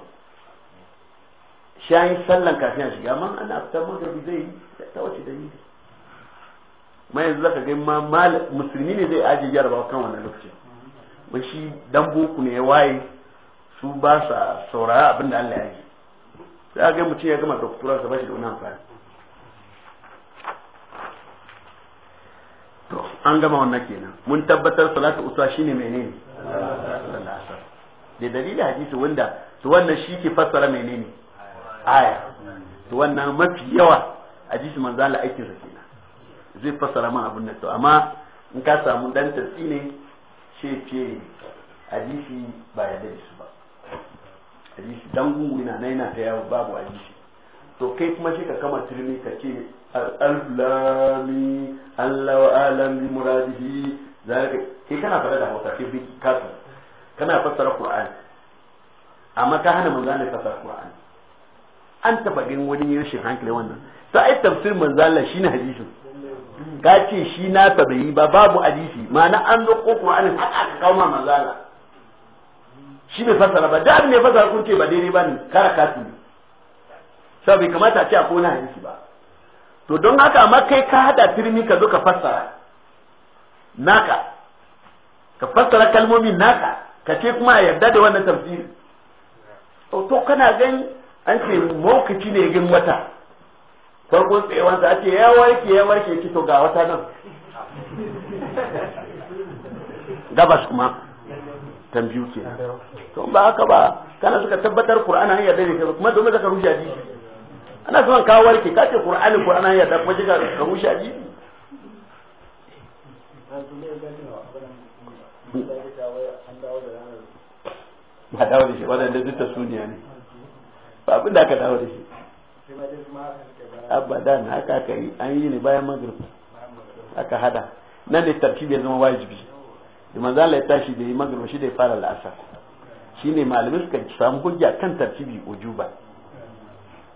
shayin sallan kafin a shiga man ana fita magabi zai yi ta wace dalili ma yanzu zaka ga ma musulmi ne zai ajiye yarabawa kan wannan lokacin ba shi dan boku ne ya waye su ba sa saurara abin da Allah ya yi sai ga mutum ya gama doktoransa ba shi da wani amfani to an gama wannan kenan mun tabbatar salatu usha shine menene da dalilin hadisi wanda to wannan shi ke fassara menene aya to wannan mafi yawa hadisi manzo Allah aikin sa kenan zai fassara ma abun nan to amma in ka samu dan tasi ne ce ce hadisi ba ya dace su ba hadisi dan gungu na yana ta yawo babu hadisi to kai kuma shi ka kama turmi ka ce al'ulami Allah wa alam bi muradihi zaka kai kana fara da hausa ke biki kasu kana fassara Qur'an amma ka hana manzo Allah fassara Qur'an an taba ganin wani yashin hankali wannan sai tafsir manzo Allah shine hadisin ka ce shi na ta bai ba babu hadisi ma'ana an roƙo Qur'anin haka ka kawo ma manzala shi bai fassara ba da ne fassara kun ce ba daidai ba ne kara kasu ne sai bai kamata a ce akwai wani hadisi ba to don haka amma kai ka hada firmi ka zo ka fassara naka ka fassara kalmomin naka ka ce kuma a yarda da wannan tafsiri to kana gan an ce maukaci ne gin wata farkon tsayawansa a ce ya warke ya warke ki to ga wata nan gabas kuma tambiyu ke to ba haka ba kana suka tabbatar qur'ana an yarda ne kuma domin zaka rushe hadisi ana so an kawo warke kace qur'ani qur'ani ya da kuma jiga ka rushe a jini ba da shi duk ba da aka dawo an yi ne bayan magrib aka hada nan da tartibi ya zama wajibi da manzo Allah ya tashi da yi magrib shi da ya fara la'asar shine malamai suka samu hujja kan tartibi ujuba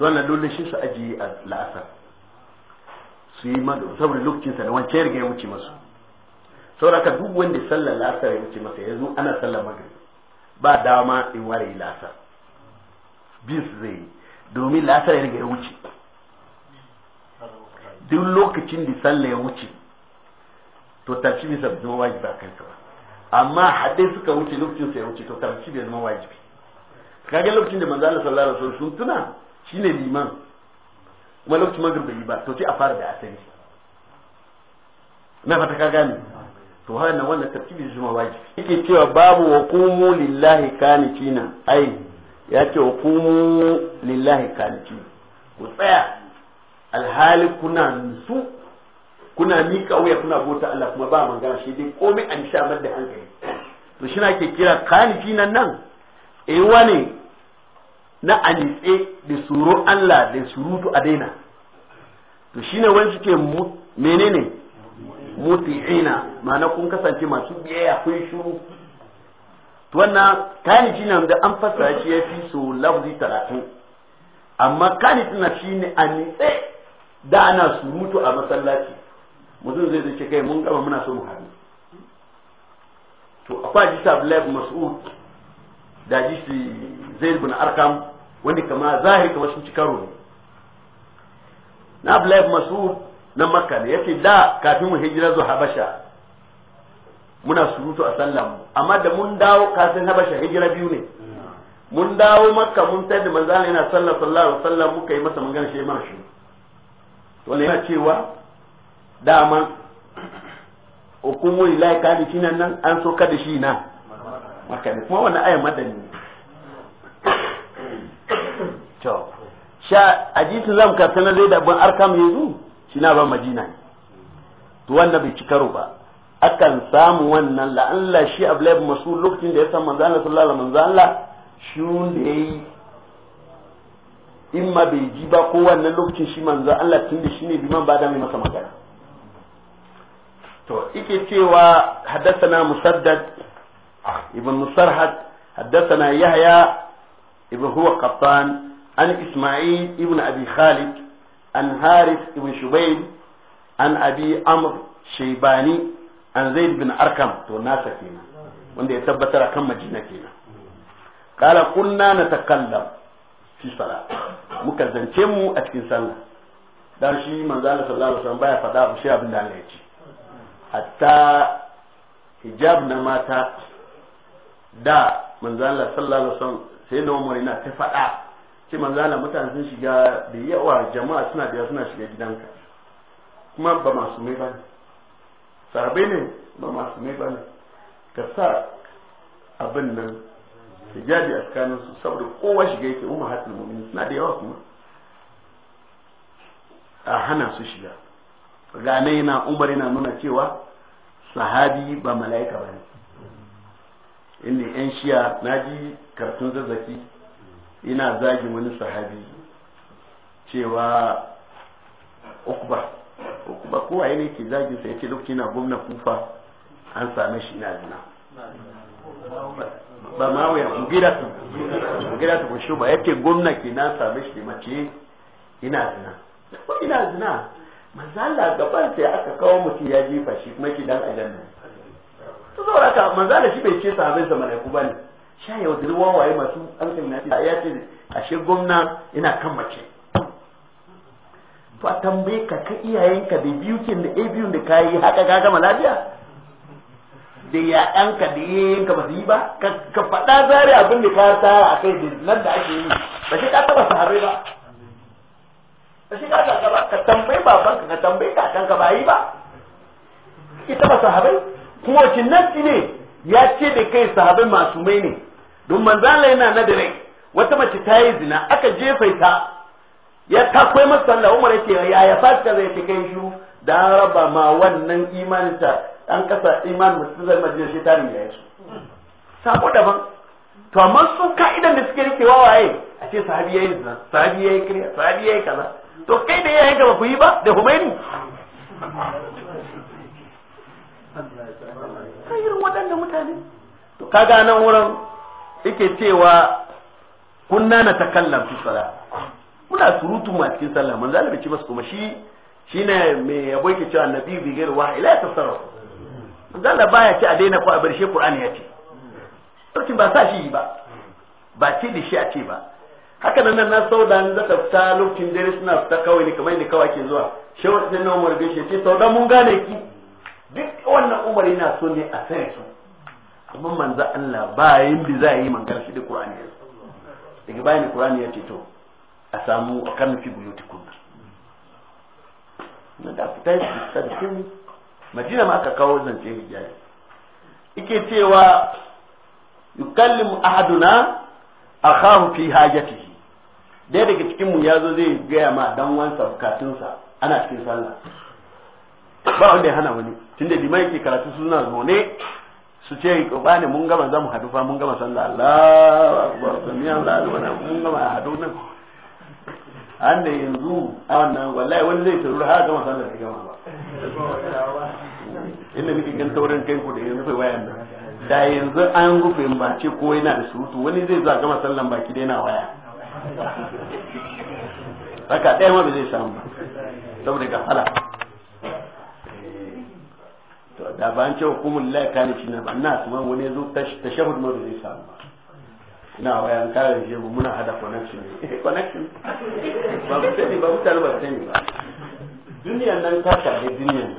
wannan dole shi su ajiye a la'asar su yi ma saboda lokacinsa da wancan riga ya wuce masu sauraka duk wanda sallar la'asar ya wuce masa yanzu ana sallar magrib ba dama in ware la'asar bis zai yi domin la'asar ya riga ya wuce duk lokacin da sallar ya wuce to tarci bisa zama wajibi a kansa ba amma haɗe suka wuce lokacin sa ya wuce to tarci bai zama wajibi kaga lokacin da manzo Allah sallallahu alaihi wasallam sun tuna shine liman kuma lokacin magrib bai yi ba to sai a fara da asali na fata ka gane to haka nan wannan tartibi zai zama wajibi yake cewa babu wa qumu lillahi kanitina ai ya ce wa qumu lillahi kanitina ku tsaya alhali kuna nsu kuna miƙa wuya kuna bota Allah kuma ba magana shi dai komai an sha da hankali to shi na ke kira kanitina nan eh wane na anitse da tsoro Allah da surutu a daina to shi ne wani suke menene muti'ina ma'ana kun kasance masu biyayya kun shuru to wannan shi ne da an fasa shi ya fi so lafzi talatin? amma kani shi na a anitse da ana surutu a masallaci mutum zai zai kai mun gaba muna so mu hannu. to akwai jisa blab Mas'ud da shi zai bin arkam wanda kama zahiri kamar sun ci karo ne na abdullahi mas'ud na makka ne yake da kafin mu hijira zuwa habasha muna surutu a sallam amma da mun dawo kafin habasha hijira biyu ne mun dawo makka mun tayar da manzo yana sallar sallallahu alaihi wasallam muka yi masa magana shi mana shi to ne yana cewa dama hukumul laika da shi nan an so ka da shi na haka ne kuma wannan ayan madani to sha ajitu zam ka sanar da dabban arkam yanzu shi na ba madina ne to wanda bai ci karo ba akan samu wannan la'alla shi abulai masu lokacin da ya san manzo Allah sallallahu alaihi wasallam shi da yayi in ma bai ji ba ko wannan lokacin shi manzo Allah tun da shi ne biman ba da mai masa magana to ike cewa haddathana musaddad ابن مسرحد حدثنا يحيى ابن هو قطان عن إسماعيل ابن أبي خالد عن حارث ابن شبيب عن أبي أمر شيباني عن زيد بن أركم توناسا كينا wanda ya tabbatar akan majina kenan kala kunna na takallam fi sala muka zance mu a cikin sallah dan shi manzo sallallahu alaihi wasallam baya faɗa abu sai abin da Allah ya ce hatta hijab na mata da manzala sallallahu alaihi wasallam sai na umar ta faɗa ce manzala mutane sun shiga da yawa jama'a suna da suna shiga gidanka kuma ba masu mai bane sahabai ne ba masu mai bane ka sa abin nan hijabi a tsakanin su saboda kowa shiga yake umma hatul mu'minin suna da yawa kuma a hana su shiga gane yana umar yana nuna cewa sahabi ba mala'ika bane inda yan shiya na ji karatun zazzaki ina zagin wani sahabi cewa ukba ukba kowa ne ke zagin sa ce lokaci na gwamna kufa an same shi ina zina ba ma wuya gira su gira su shuba, ba yake gwamna ke na same shi mace ina zina ko ina zina manzala gaban sai aka kawo mutum ya jefa shi kuma ki dan aljanna to zo raka manzo da shi bai ce sahabbai da malaiku bane sha yau da wawaye masu alkin na ya ce ashe gwamna ina kan mace to a tambaye ka ka iyayenka da biyu kin da a biyun da kayi haka ka gama lafiya da ya ɗanka da yayanka ba su yi ba ka faɗa zari abin da ka ta a kai da nan da ake yi ba shi ka taba sahabai ba ba shi ka taba ka tambaye babanka ka tambaye kakanka ba yi ba ita ba sahabai kuma wace nafi ne ya ce da kai sahabai masumai ne don manzala yana na da rai wata mace ta yi zina aka jefa ta ya takwai masa Allah umar ya ce ya ya fata zai ta kai shiru da an raba ma wannan imanin ta an kasa iman mutum zai majina shi ta riga su sabo daban to amma su ka'idan da suke rike wawaye a ce sahabi yayi zina sahabi yayi kiriya sahabi yayi kaza to kai da yayin da ba ku yi ba da humaini sai irin waɗannan mutane to kaga nan wurin yake cewa kunna na takallam fi sala muna surutu ma cikin sallah man Allah bai ce kuma shi shine me yabo yake cewa annabi bi gairu wa ila tasarruf manzo baya ce a daina ko a barshe shi Qur'ani ya ce sarkin ba sa shi ba ba ce da shi a ce ba haka nan na sauda ni zaka fita lokacin dare suna fita kawai ne kamar yadda kawai ke zuwa shehu ɗin na umar gaishe ce sauda mun gane ki duk wannan umar na so ne a sani su amma manzo Allah ba yin za a yi mangar shi da Qur'ani daga bayan Qur'ani ya ce to a samu a kan fi buyuti kun na da fita shi sarkin Madina ma aka kawo zance hijabi yake cewa yukallimu ahaduna akhahu fi hajatihi daya daga cikin mu yazo zai gaya ma dan wansa bukatunsa ana cikin sallah ba wanda ya hana wani tunda limai ke karatu su suna zaune su ce ba ne mun gama za mu hadu fa mun gama sallah Allah akbar samiya Allah wala mun gama hadu nan an da yanzu a wannan wallahi wani zai tarura har gama sallah da gama ba inda nake gan taurin kai ku da yanzu kai wayan nan da yanzu an rufe ba ce ko yana da surutu wani zai zo gama sallan baki da yana waya haka ɗaya ma ba zai samu ba saboda ga hala to da ba an ce hukumul la kana shi na ba na kuma wani yazo tashahud ma zai samu ina an kare shi mu muna hada connection connection ba mu sani ba mu tare ba sani ba duniyan nan ta kare duniyan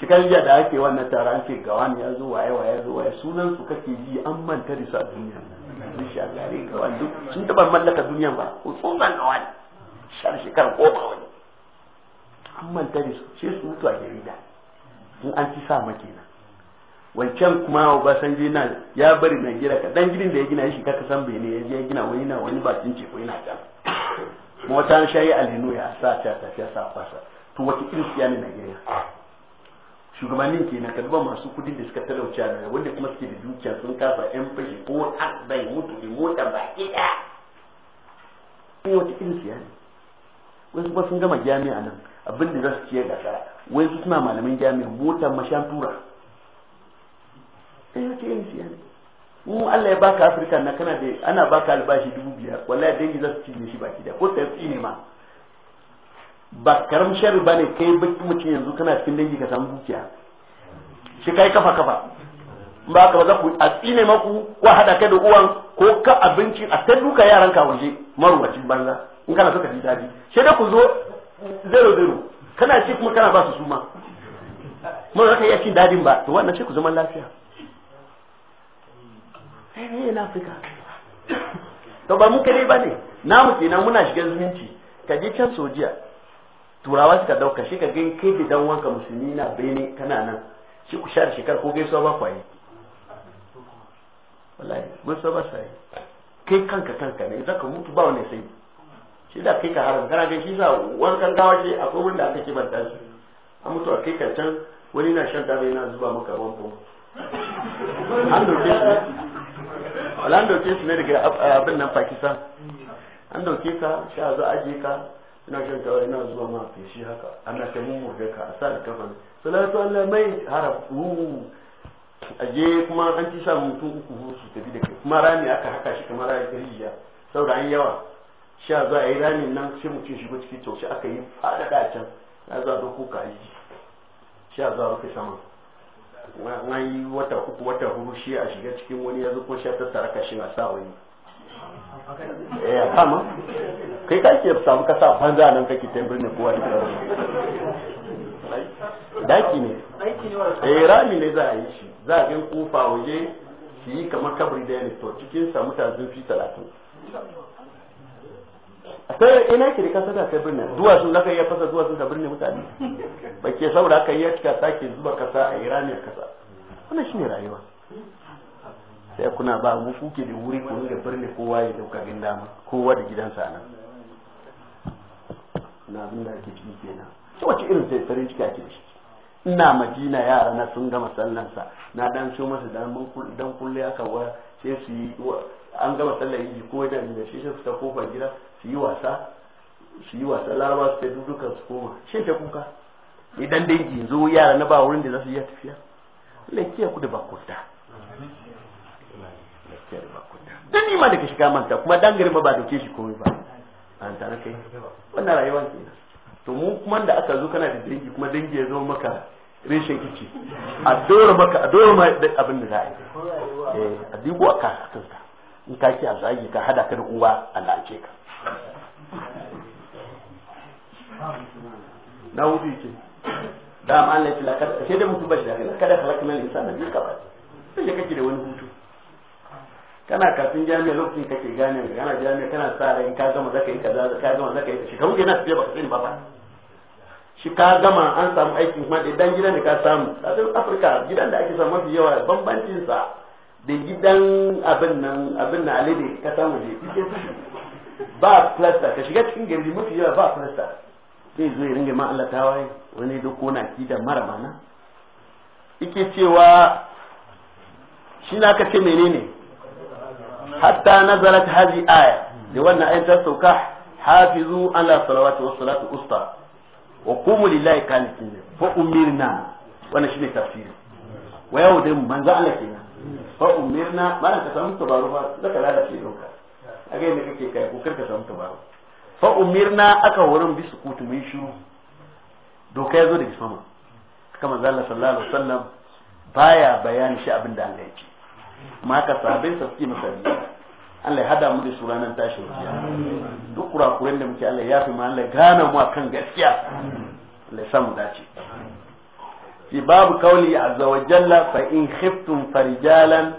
shekar jiya da ake wannan tara an ce ga wani ya zo waye waye ya zo waye sunan su kake ji an manta da su a duniyan nan shi a gare gawa duk sun taba mallaka duniyan ba ko sunan ga wani. shar shekar ko ba wani an manta da su sai su mutu a jarida in an ci sa maki na wancan kuma san na ya bari najeriya ka dan gidan da ya gina shi kaka san bai ne ya je gina wani na wani bakin ce ko yana can kuma wata shayi alinu ya sa ta tafiya sa kwasa to wata kirsiya ne najeriya shugabannin kenan ka duba masu kudin da suka talauce da wanda kuma suke da dukiya sun kasa yan fashi ko bai mutu da mota ba ɗaya ne wata kirsiya ne wasu ba sun gama jami'a nan abin da za su ciye gasara wai su suna malamin jami'a motar mashan tura eh ce yin siya ne mu Allah ya baka Afirka na kana da ana baka albashi dubu biyar wallahi dangi za su cinye shi baki da ko ta ne ma ba karam sharri bane kai baki mutum yanzu kana cikin dangi ka samu dukiya shi kai kafa kafa ba ka ba za ku a tsine maku ko hada kai da uwan ko ka abinci a ta duka yaran ka waje marwacin banza in kana so ka ji daɗi shi da ku zo zero zero kana ce kuma kana ba su suma mun raka iya cin dadin ba to wannan ce ku zaman lafiya eh eh na fika to ba mu kadai bane namu kenan muna shiga zumunci ka je can sojiya turawa suka dauka shi ka ga kai da dan wanka musulmi na bene kana nan shi ku share shekar ko gaisuwa ba kwaye wallahi mun so ba sai kai kanka kanka ne zaka mutu ba wani sai shi da kai ka haram kana ga shi za wani kan kawo shi a akwai da aka ke banta shi an mutu a kai ka can wani na shan dama yana zuba maka ruwan fom an dauke su wala an dauke su ne daga abin nan pakistan an dauke ka shi a zo aje ka ina shan tawa yana zuba ma feshi haka ana ta mummurga ka a sa da kafa salatu allah mai haram aje kuma an ci sa mutum uku su tafi da kai kuma rami aka haka shi kamar rijiya saboda an yawa sha zuwa yi ranin nan sai mutum shigo ciki to sai aka yi faɗaɗa can na a doko kaji sha zuwa rufe sama na yi wata uku wata huru shi a shiga cikin wani ya ko sha tattara kashin a sa wani eh kama kai ka ke samu kasa banza nan kake tambayin da kowa da kowa daki ne eh rami ne za a yi shi za a bin kofa waje shi yi kamar kabri da ne to cikin samu ta sun talatin sai ina yake da kasa da kai birni duwatsun zaka iya fasa duwatsun ka birni mutane ba ke saboda haka ya cika sake zuba kasa a iraniyar kasa wannan shine rayuwa sai kuna ba mu kuke da wuri ku da birni kowa ya dauka gin dama kowa da gidansa anan na abin da ake ciki kenan to wace irin sai farin ciki ake ciki ina madina yara na sun gama sallansa na dan so masa dan dan kulle aka wa sai su yi an gama sallar yi ko yana da shi shi ta kofar gida su yi wasa su yi wasa laraba su ta dudukan su koma shi ta kuka idan dangi zo yara na ba wurin da za su iya tafiya lafiya ku da bakunta lafiya da bakunta dan ni ma shiga manta kuma dan ma ba da ke shi komai ba an tare kai wannan rayuwar kenan to mu kuma da aka zo kana da dangi kuma dangi ya zama maka reshen kici a dora maka a dora ma abin da za a yi eh, a dubo a kanka in ka ce a zagi ka hada ka da uwa a lance ka na hudu ce da ma Allah ya lakar sai da mutum shi da kada halakna lisa na ka ba sai kake da wani hutu kana kafin jami'a lokacin kake gane kana jami'a kana sa rai ka gama zaka yi kaza ka gama zaka yi shekaru kenan tafiya ba sani ba ba shi ka gama an samu aikin kuma da dan gidan da ka samu a Afirka gidan da ake samu mafi yawa bambancin sa da gidan abin nan abin na alade ka samu je ba plasta ka shiga cikin gari mafi yawa ba plasta sai zo ya ringa ma Allah ta waye wani da kona ki da mara mana yake cewa shi na ka ce menene hatta nazarat hazi aya da wannan ayat ta sauka hafizu ala salawati was salatu usta wa qumu lillahi qanitin fa umirna wannan shine tafsiri wa yau dai manzo Allah kenan fa'umirna umirna ka samu tabaru ba ka lalace doka a ga yadda kake kai ko ka samu tabaru fa'umirna aka wurin bisu kutu mai shiru doka yazo daga sama haka manzo Allah sallallahu alaihi wasallam baya bayani shi abin da Allah ya ce ma ka sabin sa suke masa Allah ya hada mu da sura nan tashi rufiya duk kurakuren da muke Allah ya fi ma Allah gana mu akan gaskiya Allah ya samu dace في باب قوله عز وجل فإن خفتم فرجالا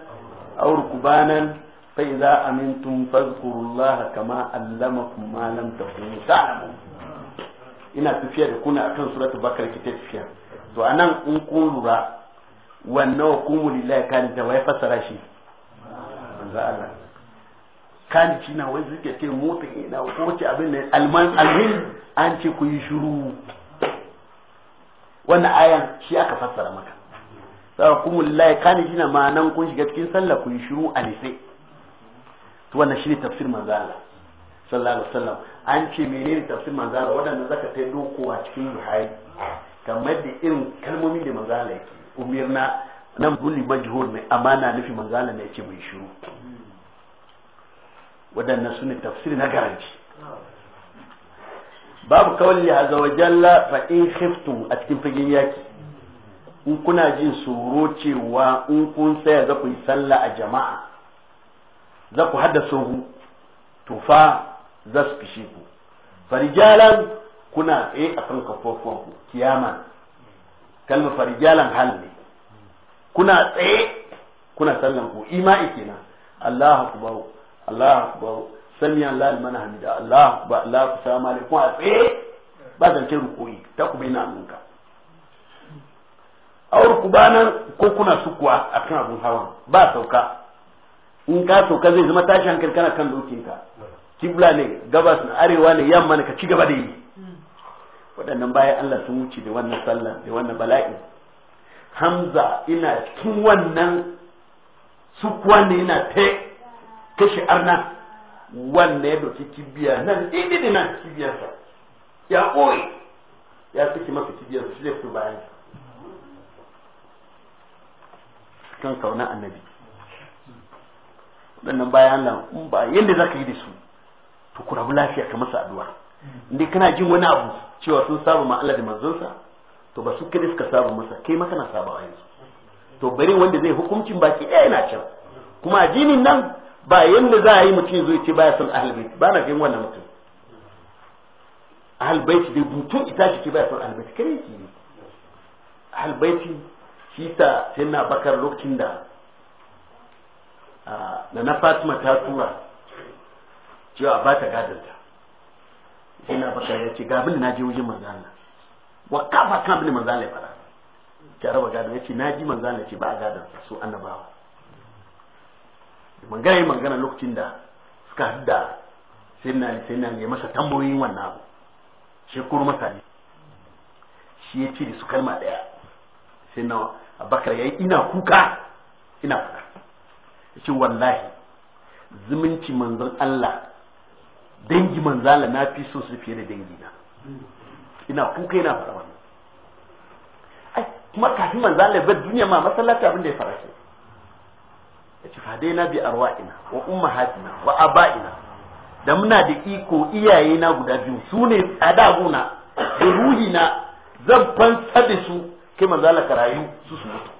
أو ركبانا فإذا أمنتم فاذكروا الله كما علمكم ما لم تكونوا تعلمون إن تفيا يكون kuna سورة suratu bakar ki ta tafiya to anan in kun lura wannan hukumu lillahi kan ta wai fasara shi manzo Allah kan ci na wai zuke ce mota ina ko ce abin ne alman alhin an ce ku yi shiru wannan ayan shi aka fassara maka sai kuma lillahi kana jina ma'anan kun shiga cikin sallah ku yi shiru a nisai to wannan ne tafsir manzo Allah sallallahu alaihi wasallam an ce menene tafsir manzo Allah wadanda zaka ta dokowa cikin ruhai kamar da irin kalmomin da manzo Allah yake umirna nan bulli majhul mai amana nufi manzo Allah ne yake mai shiru wadannan sune tafsir na garanti babu kawalli a jalla fa in khiftum a cikin fagen yaki in kuna jin tsoro cewa in kun tsaya za ku yi sallah a jama'a za ku hada sohu to fa za su fishe ku farijalan kuna tsaye a kan ku kiyama kalmar farijalan hal ne kuna tsaye kuna sallan ku ima'i kenan Allahu akbar Allahu akbar sami Allah liman hamida Allah ba Allah ku salamu alaikum a tsaye ba zance rukuyi ta ku bai na nunka awar ku nan ko kuna sukuwa a kan abun hawan ba sauka in ka sauka zai zama tashi hankali kana kan dokinka kibla ne gabas na arewa ne yamma ne ka ci gaba da yi waɗannan bayan Allah sun wuce da wannan sallah da wannan bala'i Hamza ina cikin wannan sukuwan ne yana ta kashe arna Wanda ya doki tibiya nan daidai da nan kibiyarsa ya ɓoye ya saki masa kibiyarsa shi zai fito bayan kan kauna annabi wannan bayan Allah in ba yadda za ka yi da su to ku rabu lafiya ka masa addu'a indai kana jin wani abu cewa sun saba ma Allah da manzonsa to ba su kada suka saba masa kai ma kana saba yanzu to bari wanda zai hukuncin baki ɗaya na can kuma addinin nan ba yanda za a yi mutum zo ce baya son ahlul ba na ganin wannan mutum ahlul bait da butun ita shi ce baya son ahlul bait kare ki ahlul bait shi ta sai na bakar lokacin da ah, da na Fatima ta tura cewa ba ta gadanta sai na bakar ya ce ga abin na je wajen manzo Allah wa kafa kan abin manzo Allah ya fara ta raba gadon ya ce na ji manzo Allah ce ba a gadon su annabawa mangana yi magana lokacin da suka hadda sai na sai na ya masa tambayoyin wannan abu shi kuma masa ne shi ya ce da su kalma daya sai na abakar yayi ina kuka ina kuka yace wallahi zumunci manzon Allah dangi manzala na fi so su fiye da dangi na ina kuka ina fara wannan ai kuma kafin manzala ba duniya ma masallaci abin da ya fara shi yace hadaina bi arwa'ina wa ummahatina wa aba'ina da muna da iko iyaye na guda biyu su ne adabuna da ruhi na zan fansa da su kai manzala ka rayu su su mutu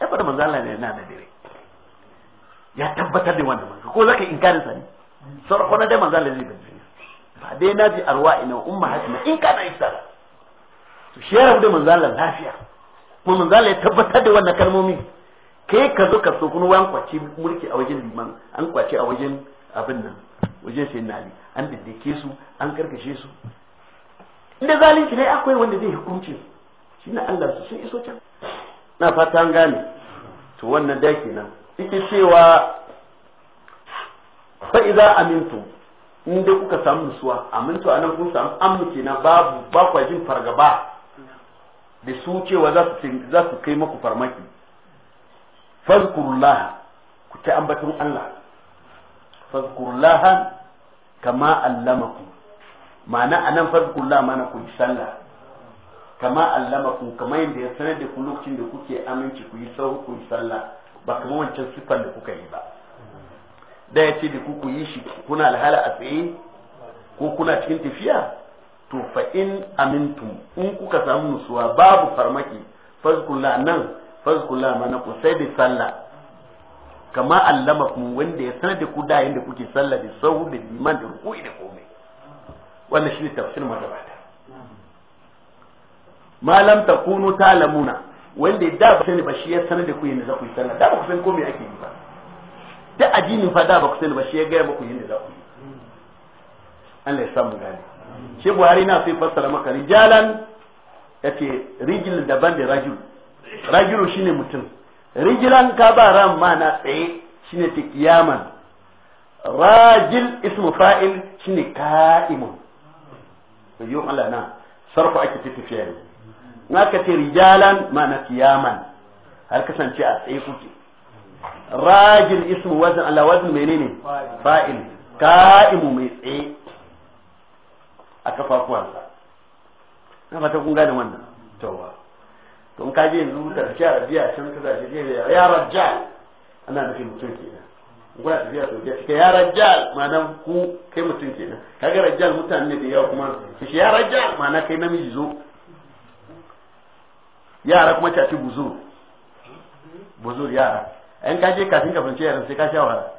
ya fara da manzala ne na dare ya tabbatar da wannan manzo ko zaka inkarin sa ne sarko na dai manzala zai bi hadaina bi arwa'ina wa ummahatina in kana isa to shi ya rabu da manzala lafiya kuma manzala ya tabbatar da wannan kalmomin kai ka zo ka so kuma wani kwace mulki a wajen liman an kwace a wajen abin nan wajen sai nali an daddake su an karkashe su inda zalunci ne akwai wanda zai hukunci shi na Allah su sun iso can na fata an gane to wannan da kenan Ita cewa fa idza amintu inda kuka samu nutsuwa amintu anan kun samu amnu kenan babu ba kwajin jin fargaba da su cewa za su kai maku farmaki fazkurullah ku ta ambaton Allah fazkurullah kama allamakum ma'ana anan fazkurullah mana ku sallah kama allamakum kama yadda ya sanar da ku lokacin da kuke aminci ku yi sahu ku yi sallah ba kama wancan siffar da kuka yi ba da ya ce da ku ku yi shi kuna alhala a tsaye ko kuna cikin tafiya to fa in amintum in kuka samu nutsuwa babu farmaki fazkurullah nan fazkula mana ku sai da sallah kama allama kun wanda ya sanar da ku da yanda kuke sallah da sahu da liman da ruku'i da komai wannan shi tafsirin magabata malam takunu talamuna wanda da ba sani ba shi ya sanar da ku yanda za ku yi sallah da ba ku san komai ake yi ba da addinin fa da ba ku sani ba shi ya gaya muku yanda za ku yi Allah ya samu gani shi Buhari na sai fassara maka rijalan yace rijil daban da rajul ragiro shine mutum rigilan ka ba ran mana tsaye shine tikiyaman rajil ismu fa'il shine ka'imun yau Allah na sarfa ake ta tafiya ne na ka ce rijalan mana kiyaman har kasance a tsaye kuke rajil ismu wazan Allah wazan menene fa'il ka'imu mai tsaye a kafafuwansa na fata kun gane wannan to don ka je yanzu tafiya biya can ka zaje je ya jal ana nufin mutum nan gwada tafiya to ya ya jal ma'ana ku kai mutum ka kaga jal mutane ne da yawa kuma shi ya jal ma'ana kai namiji zo yara kuma ci buzur buzur yara ɗan ka je kafin ka fahimci yaran sai ka sha wahala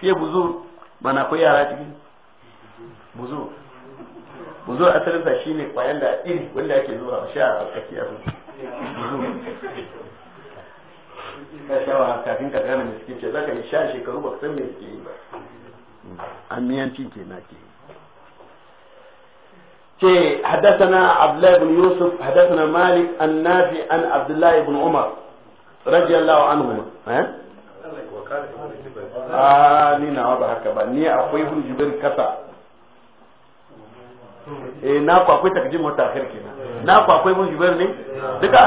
sai buzur mana akwai yara ciki buzur buzur asalin sa shine kwayan da iri wanda ake zuwa sha a tsakiya ka shawa kafin ka gane suke ce za ka yi sha shekaru ba san me suke yi ba amiyanci na ke ce حدثنا عبد الله بن يوسف حدثنا مالك النافي عن عبد الله بن عمر رضي الله عنهما ها ني eh na ku akwai na ku akwai ibn jubair ne duka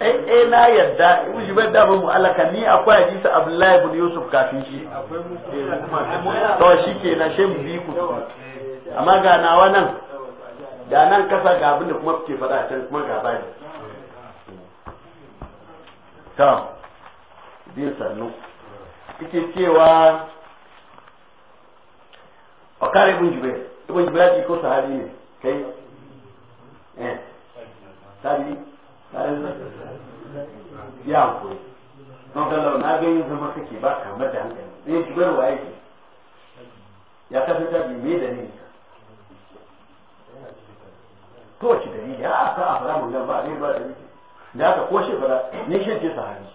ai eh, ai eh, na yadda ibn jubair da mu alaka ni akwai hadisi abdullahi ibn yusuf kafin shi to shi ke na shem bi ku amma ga nawa nan ga nan kasa ga abin da kuma kuke faɗa can kuma ga bani ta bin sannu kike cewa a kare ibn jubair ibn jubair ko sahabi ne kai eh tabi ya hankali don kallon na zama kake ba ka da hankali ah, ah, ah, ne yake ya kafa me da ne to ya a fara mun ba ne ba da ko shekara ne shi ce sahabi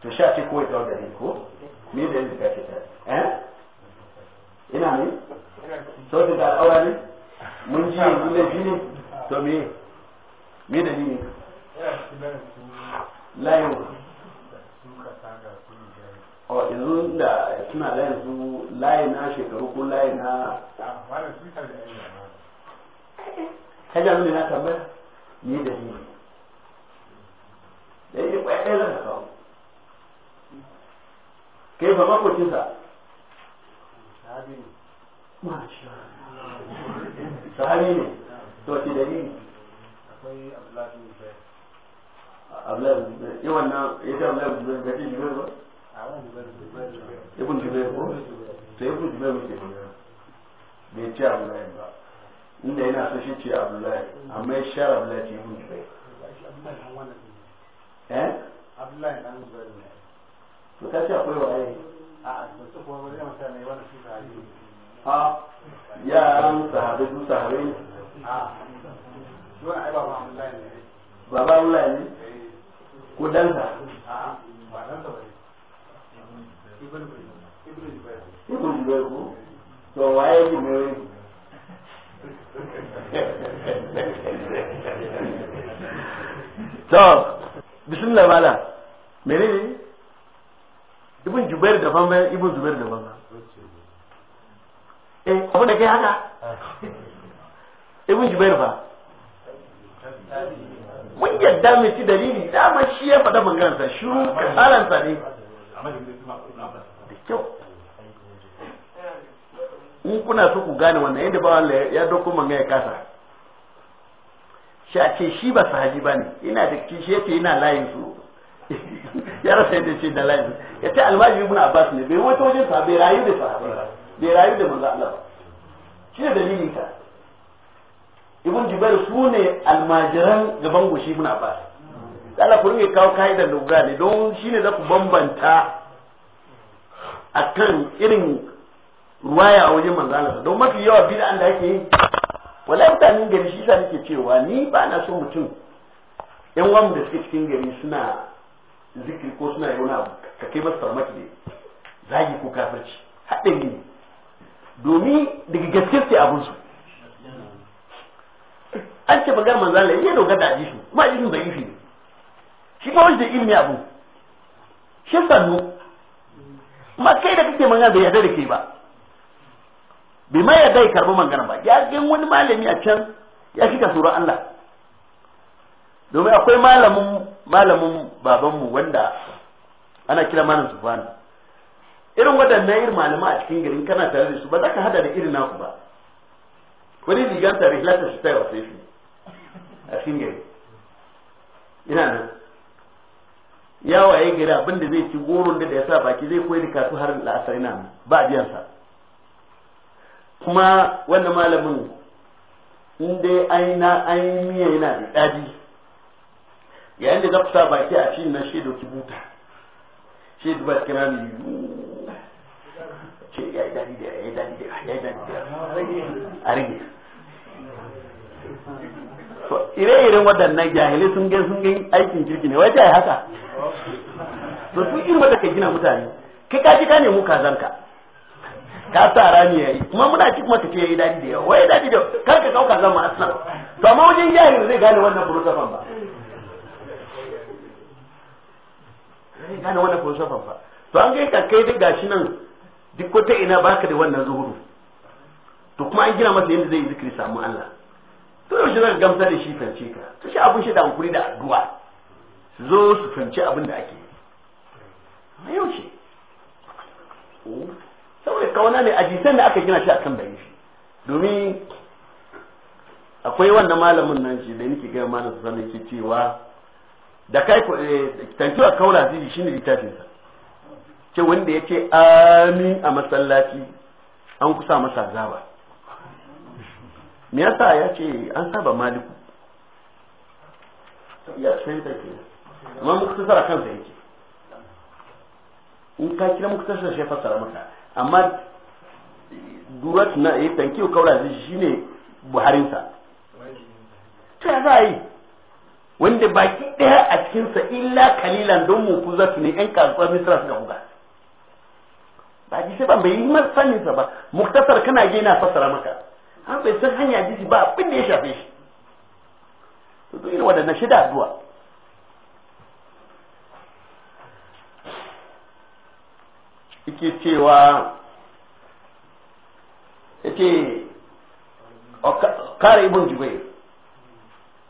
to sha ce ko me ka ce ta eh ina ne sautin da al'aura ne mun ji yanzu laifi ne to me me da ni layin o yanzu da suna da yanzu layi na shekaru ko layi na kaji abin da na tambaya ni da ni da yi kwaya ɗaya zan kawo kai ba makocinsa Masha sahabi ne to shi dalili akwai abdullahi bin zubair abdullahi bin zubair eh wannan ita abdullahi bin zubair gashi zubair ba ibn zubair ko to ibn Ke muke bai ce abdullahi ba inda yana so shi ce abdullahi amma ya sha abdullahi ce ibn zubair eh abdullahi dan zubair ne to kace akwai waye a'a ba kuma bari mutane wannan shi sahabi ha yaran sahabe su sahabe baba Allah ne eh. ko dansa ibn Jubair ko to waye Jubair to bismillah mala menene ibn Jubair daban bayan ibn Zubair daban eh abu da kai haka ibn jubair fa mun yadda mai ci dalili dama shi ya faɗa bangansa shiru kasaransa ne da kyau in kuna so ku gane wannan yadda ba wanda ya doko manga ya kasa shi a ce shi ba sahaji ba ne ina da kishi yake ina layin su ya rasa yadda ce da layin su ya ce almajiri ibn abbas ne bai wata wajen sahabai rayu da sahabai bai rayu da manzo Allah shi ne dalilin ta ibn jubair su ne almajiran gaban goshi ibn abbas Allah ku ne kawo kaidar lugha ne don shine za ku bambanta akan irin ruwaya a wajen manzo Allah don mafi yawa bid'an da ake yi wallahi mutanen gari shi sa nake cewa ni ba na so mutum yan wam da suke cikin gari suna zikri ko suna abu ka kai masa farmaki ne zagi ko kafirci haɗin ne domin daga gaske sai abun su an ce bagar manzo Allah ya dogar da hadisi kuma hadisin da ifi shi ba wajen ilmi abu shi sannu ma kai da kake manga bai yarda da kai ba bai ma yarda ya karbi magana ba ya ga wani malami a can ya shiga tsoron Allah domin akwai malamin malamin babanmu wanda ana kira malam Sufyan irin waɗannan irin malama a cikin garin kana tare da su ba za ka hada da irin naku ba wani rigar ta rihilata su ta yi wasu yi a cikin gari ina nan ya waye gari abin da zai ci goron da ya sa baki zai koyi da kasu har la'asar ina nan ba biyan sa kuma wannan malamin in dai aina ainihin miya yana da daji yayin da za ku sa baki a cikin nan ki buta shaidu ba kira ni? ce ya yi dadi da ya yi dadi da ya yi dadi da a rage ire-iren waɗannan jahilai sun gan sun gan aikin kirki ne wai ta yi haka to su irin wanda kai gina mutane kai ka ka nemo kazanka ka sa rami ya yi kuma muna ci kuma ka ce ya yi dadi da yawa wai dadi da kar ka kauka zama ma aslan to amma wajen jahilai zai gane wannan filosofan ba zai gane wannan filosofan ba to an kai ka kai duk gashi nan duk wata ina baka da wannan zuhudu to kuma an gina masa yadda zai yi zikiri samu Allah to yaushe zaka gamsa da shi fance ka to shi abun shi da hankuri da addu'a su zo su fance abin da ake amma yaushe saboda kauna ne ajisan da aka gina shi akan da shi domin akwai wannan malamin nan shi da nake ga malamin yake cewa da kai eh, tantiwa kaula shi ne littafinsa ce wanda ya ce amin a masallaci an kusa masa zaba me yasa ya ce an saba maliku ya sai da ke amma muktasara kansa yake in ka kira muktasara shi fasara maka amma durat na eh, yi you kaura shi buharin buharinsa ta ya za a yi wanda baki ɗaya a cikinsa illa kalilan don mu ne 'yan kasuwar misra suka buga ba ji ba bai yi sanin sa ba muktasar kana je na fassara maka an bai san hanya ji ba abin da ya shafe shi to duk wanda na shida addu'a yake cewa yake kare ibn jubair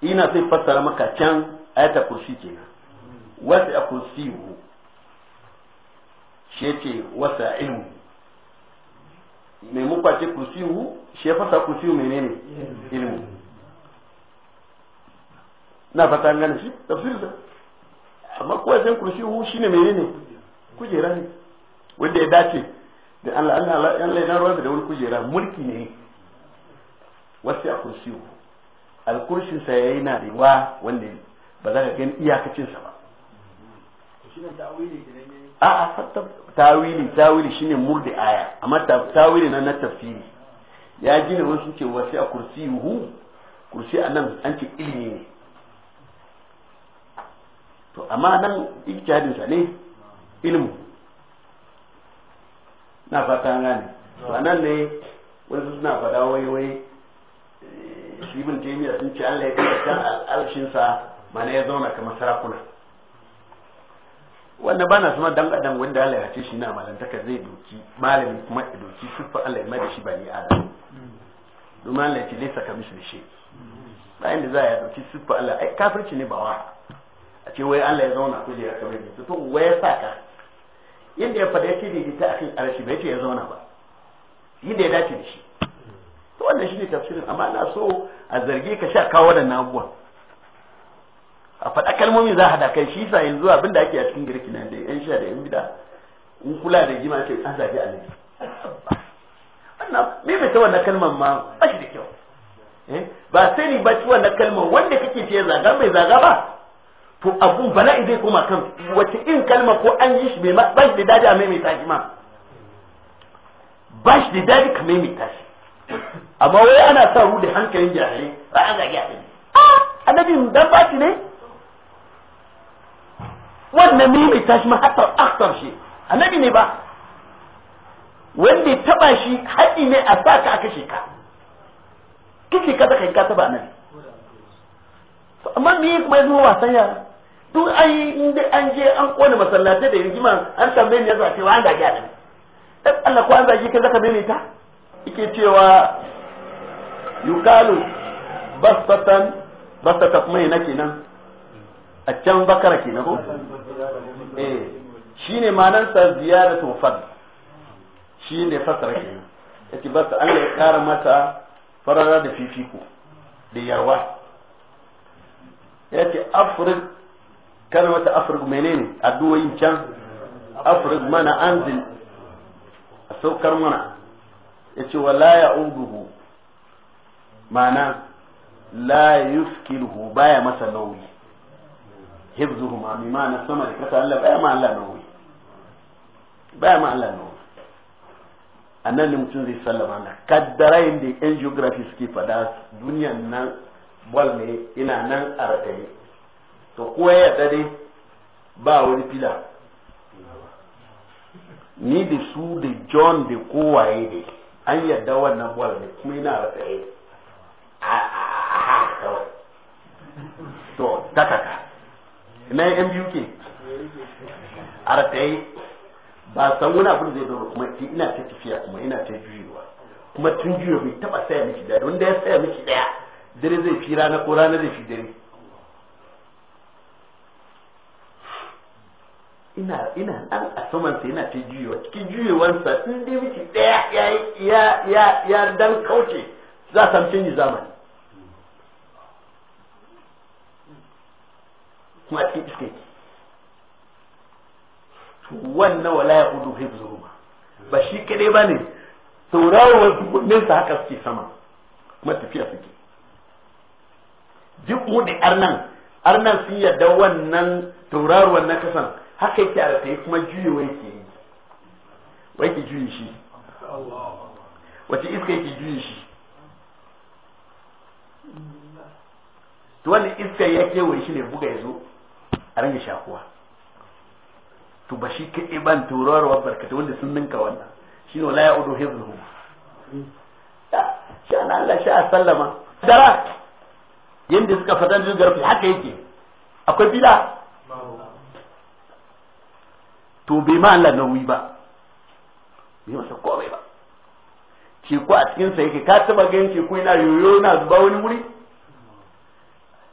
ina sai fassara maka can ayata kursi kenan wasi a kursiyu shi yake wasa ilmu mai muka ce kursiyu shi ya fasa kursiyu menene ilmu na fata gane shi tafsir da amma kowa san ne shine menene kujera ne wanda ya dace da Allah Allah yan laida ruwa da wani kujera mulki ne wasi a kursiyu alkurshin sa yayi na riwa wanda ba za ka gani iyakacin sa ba shi ne tawili ne a tawili tawili shine murdi aya amma tawili na na tafsiri ya ji ne wasu ce wasu a kursi hu kursi a nan an ce ilimi ne to amma nan ijtihadin sa ne ilimu na fata gane to nan ne wasu suna fada wai wai eh, ibn taymiya sun ce Allah ya kaddara al'arshin sa mana ya zauna kamar sarakuna wanda ba na suna dan wanda Allah ya ce shi na malantaka zai doki malami kuma ya doki siffa Allah ya mai da shi bani adam domin Allah ya ce laisa ka mishi shi bayan da za yi doki siffa Allah ai kafirci ne ba wa a ce wai Allah ya zauna da ya kamar da to wai ya saka yadda ya fada ya ce da ta akan arashi bai ce ya zauna ba yadda ya dace da shi to wannan shi ne tafsirin amma na so a zarge ka sha kawo da nabuwa a faɗa kalmomin za a haɗa kai shi sa yanzu abin da ake a cikin girki na da yan sha da yan bida in kula da jima ce an zafi annabi wannan me bai ta wannan kalmar ma ba shi da kyau eh, ba sai ni ba ci wannan kalmar wanda kake ce zaga bai zaga ba to abun in zai koma kan wace in kalma ko an yi shi ba shi da daji a maimaita shi ma ba shi da daji ka maimaita shi amma wai ana sa rude hankalin jahilai ba an zage a ah, annabi dan ba ne wannan ne mai tashi mahattar aktar shi annabi ne ba wanda ya taba shi haƙi ne a sa ka aka sheka kike ka kai ka taba nan amma me mai zuwa wasan yara duk an yi inda an je an kone masallatai da rigima an tambaye ne yasa cewa an zage a nan dan Allah ko an zage ka zaka ta yake cewa yukalu bastatan bastatan mai nake nan a can bakara ke na ko eh shine manan sa t'o fadl shi ne fasara ke yace bas an ya kara mata farara da fifiko da yarwa yace afrik mene afrik menene addu'o'in can afrik mana anzil a saukar mana yace wala ya'uduhu mana la yufkiluhu baya masa nauyi hifzuhuma mimma na sama da kasa Allah baya ma Allah nauyi baya ma Allah nauyi annan ne mutum zai sallama na kaddara inda yan geography suke fada duniyan nan bol ne ina nan a rataye to kowa ya dade ba wani fila ni da su da john da kowaye ne an yadda wannan bol ne kuma ina rataye a a a kawai to takaka ina yan biyu ke a rataye ba san wani abin zai dora kuma ina ta tafiya kuma ina ta juyewa kuma tun juyewa bai taba saya miki daya don da ya saya miki daya dare zai fi rana ko rana zai fi dare ina ina nan a saman sa ina ta juyewa cikin juyewansa in dai miki daya ya ya ya dan kauce za a samu canji zamani kuma cikin iske wannan wala ya hudu hibzuhuma ba shi kade ba ne sauraron sa haka suke sama kuma tafiya suke duk mu da arnan arnan sun yarda wannan tauraruwan na kasan haka yake a tayi kuma juyewa yake yi wai ke juye shi wace iska yake juye shi to wannan iska ya kewaye shi ne buga ya zo a ranga shakuwa to ba shi kaɗai ban turarwa barkata wanda sun ninka wannan shi ne wala ya hebron hu shi na Allah sha sallama dara yanda suka fata da garfi haka yake akwai bid'a to bai ma Allah nauyi ba bai masa komai ba ce ko a cikinsa yake ka taba ganin ce ko yana yoyo na zuba wani wuri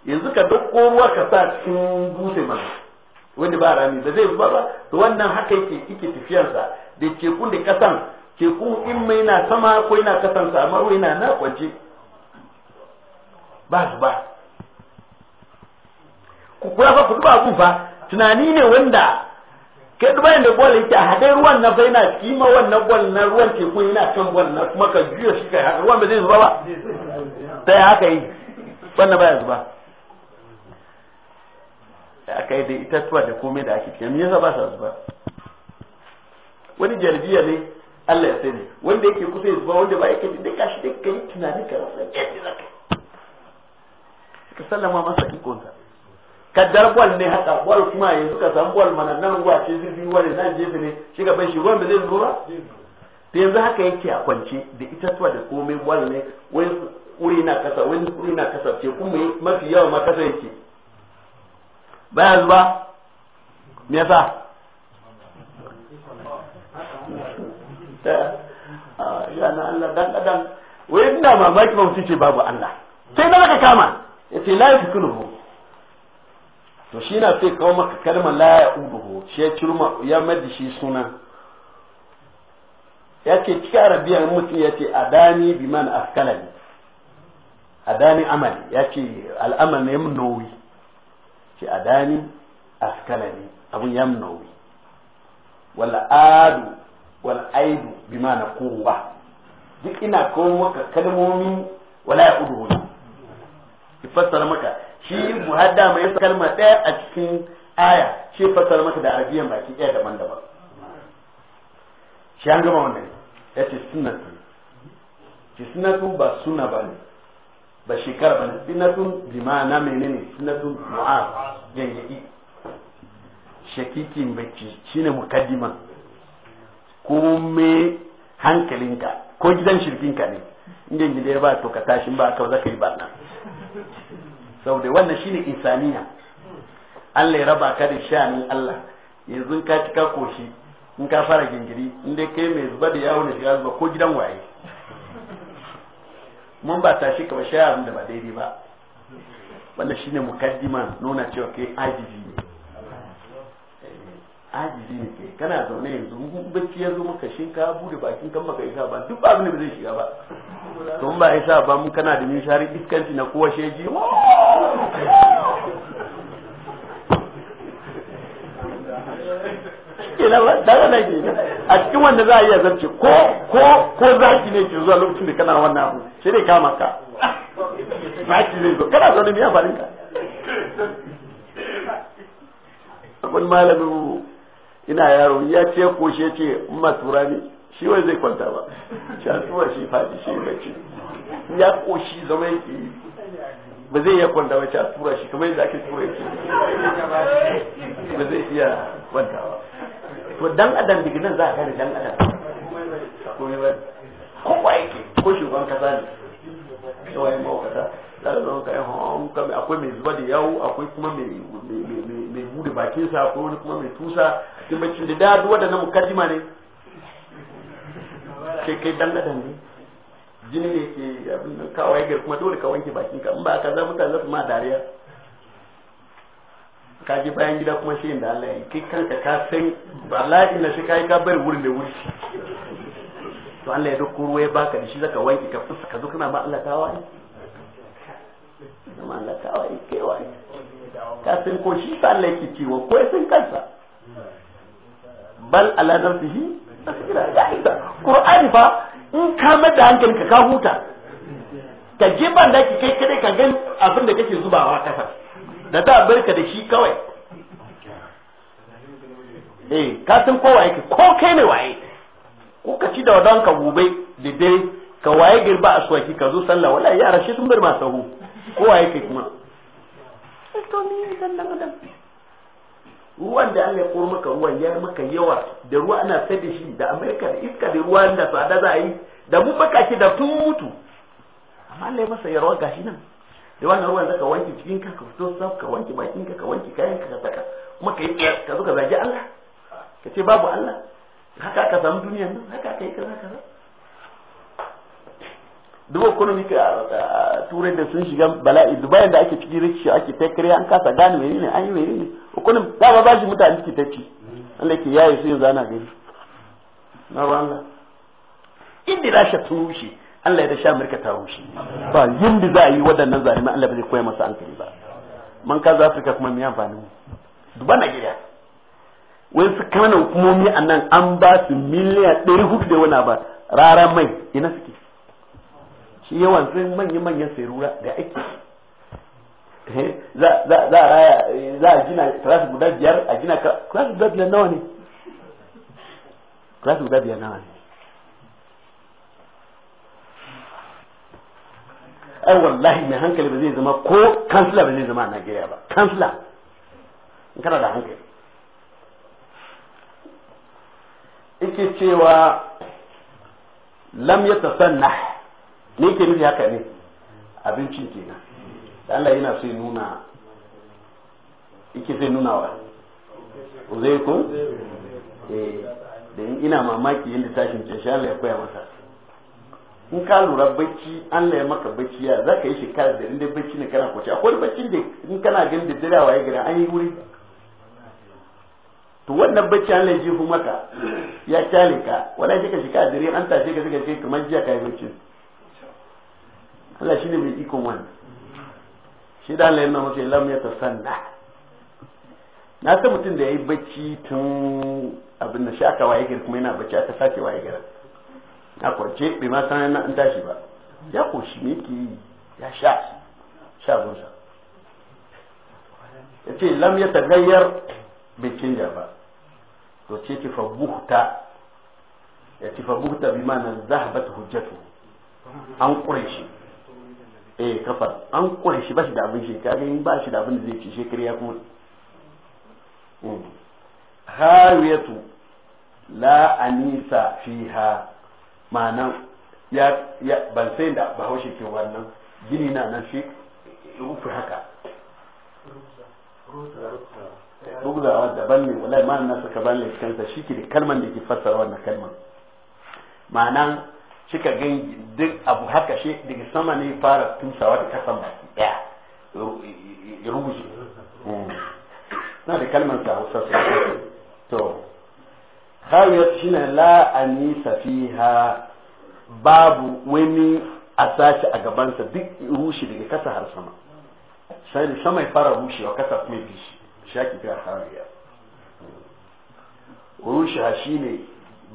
yanzu ka dauko ruwa ka sa cikin buse ma wanda ba rami da zai ba ba to wannan haka yake yake tafiyarsa da tekun da kasan teku in mai na sama ko yana kasan sa amma ruwa na kwance ba su ba ku kula fa ku duba ku fa tunani ne wanda kai duba inda gwal yake a haɗe ruwan na bai na kima wannan bol na ruwan teku yana kan bol na kuma ka juya shi kai ruwan ba zai zuba ba ta haka yi wannan baya zuba da aka yi da itatuwa da komai da ake cikin me yasa ba sa zuba wani jarjiya ne Allah ya sani wanda yake kusa ya zuba wanda ba yake da kashi da kai tunani ka rasa yadda zaka ka sallama masa ikonsa kaddar bol ne haka bol kuma yanzu suka san bol mana nan ruwa ce zirbi wani nan jefi ne shi ga bai shi ruwan zai lura da yanzu haka yake a kwance da itatuwa da komai bol ne wani wuri na kasa wani wuri na kasa ce kuma mafi yawa ma kasa yake baya zuba me yasa ya na Allah dan adam wai ina mamaki ba mutum ce babu Allah sai na aka kama ya ce la yafi kunu to shi na sai kawo maka kalmar la ya ubu uduhu shi ya cirma ya madi shi suna ya ce cikin arabiya mutum ya ce adani biman askalani adani amali ya ce al'amal ne mun nauyi shi adani askalani abu yamnawi wala adu wala aidu bima na kowa duk ina kawo maka kalmomi wala ya udu ki fassara maka shi muhadda mai kalma ɗaya a cikin aya shi fassara maka da arabiyan baki ɗaya daban-daban shi an gama wannan ya ce sunatu ce sunatu ba suna ba ne ba shekara ba sinatun bima na menene sinatun mu'az ganyayi shakikin baki shine mukaddima kome hankalinka ko gidan shirkinka ne inda gida ya ba to ka tashi ba ka zaka yi barna da wannan shine insaniya Allah ya raba ka da shanin Allah yanzu ka cika koshi in ka fara gingiri in dai kai mai zuba da yawo da shiga zuba ko gidan waye mun ba tashi ka ba shi abin da ba daidai ba wannan shine mukaddima nuna cewa kai ajiji ne eh, ajiji ne kai kana zaune yanzu bacci ya zo maka shin ka bude bakin kan maka isa ba duk abin da zai shiga ba to ba isa ba mun kana da nishari iskanci na kowa sheji ce daga na a cikin wanda za a iya zarce ko ko ko zaki ne ke zuwa lokacin da kana wannan abu shi ne kama ka zaki zai zo kana zo ne ya fari ka abin malamin ina yaro ya ce ko shi ce ma turani shi wai zai kwanta ba shi a tura shi fadi shi bacci ya koshi zama yake ba zai iya kwanta ba shi a tura shi kamar yadda ake tura shi ba zai iya kwanta ba to dan adam daga nan za a gane dan adam ko ba yake ko shugaban kasa ne yawayin mawakata za a zama kayan mai akwai mai zuba da yawo akwai kuma mai bude bakinsa akwai wani kuma mai tusa dimacin da dadu waɗannan mukaddima ne kai kai dan adam ne jini ne ke abin kawai gar kuma dole ka wanke bakinka in ba ka za mutane za su ma dariya ka je bayan gida kuma shi da Allah ya kai kanka ka san bala'in na shi kai ka bari wurin da wuri to Allah ya dauko ruwa ya baka da shi zaka wanki ka fuska ka zo kana ba Allah tawaye zama Allah tawaye kai wani ka san ko shi ta Allah yake ciwo ko san kansa bal ala nafsihi tasira ya isa qur'ani fa in ka mada hankalinka ka huta ka je ban daki kai kai ka gan abin da kake zubawa kasa da da barka da shi kawai eh ka san ko waye ko kai ne waye ko ka ci da wadan ka gobe da dare ka waye girba a suwaki ka zo sallah wallahi yara shi sun bar ma sahu ko waye kai kuma eh, to ni dan nan da ruwan da Allah ya koro maka ruwan ya maka yawa da ruwa ana sai da shi da Amerika da iska da ruwan da tsada za a yi da mu baka ki da tun mutu amma Allah ya masa yarwa gashi nan da wannan ruwan zaka wanke cikin ka ka fito sab ka wanke bakin ka ka wanke kayan ka ka saka kuma kai ka zo ka zagi Allah ka ce babu Allah haka ka samu duniyar nan haka kai kaza kaza duk ka turai da sun shiga bala'i dubayin da ake ciki rikici ake ta kare an kasa gane menene an yi menene economy da ba bashi mutane suke tafi An Allah ke yayi su yanzu ana gani na ba Allah inda rasha tushe Allah ya da sha Amurka ta wushi. ba yinda za a yi waɗannan zalimai Allah ba zai koya masa hankali ba man ka za ka kuma miya amfani duba Najeriya wai su kananan hukumomi a nan an ba su miliyan ɗari hudu da wani ba rara mai ina suke shi yawan sun manyan manyan sai rura da aiki eh, eh, za a gina class guda biyar a gina class guda biyar nawa ne class guda biyar nawa ne ai wallahi mai hankali ba zai zama ko kansila ba zai zama a Najeriya ba kansila in kana da hankali yake cewa lam ya tasanna ne ke nufi haka ne abincin kenan da Allah yana sai nuna ike sai nuna wa zai ku eh da ina mamaki yadda tashin ce shi Allah ya koya masa in ka lura bacci an ya maka bacci ya za ka yi shekara da inda bacci ne kana kwace akwai bacci da in kana gan da dare waye gari an yi wuri to wannan bacci an ya jefu maka ya kyale ka wala shi ka ka dare an tashi ka shiga ce kamar jiya ka yi baccin Allah shine mai ikon wannan shi da Allah yana masa lam ya tasanna na ta mutum da yayi bacci tun abin da shi aka waye gari kuma yana bacci aka sace waye gari na kwance bai ma san na tashi ba ya koshi me yake yi ya sha sha gunsa ya ce lam ya tagayyar bai canja ba to ce ki fabuhta ya ci fabuhta bi ma'ana zahabat hujjatu an kure shi eh kafar an kure shi ba shi da abin shi kaga in ba shi da abin da zai ci shekari ya kuma hmm. hawiyatu la anisa fiha maanan ya ban sai da bahaushe ke wannan gini na nan shi rufu haka rugzawa daban ne wallahi ma'an na suka ban kansa shi ke da kalman da ke fassara wannan kalman ma'anan ka gan duk abu haka shi daga sama ne fara tusawa da kasan baki daya ya rubuce hmm. na da kalmar sa hausa sosai to hawiyar shine la anisa fiha babu wani a tashi a gabansa duk rushe daga kasa har sama sai da sama ya fara rushewa kasa kuma ya shi shaki ake hariya rushi rushe shi ne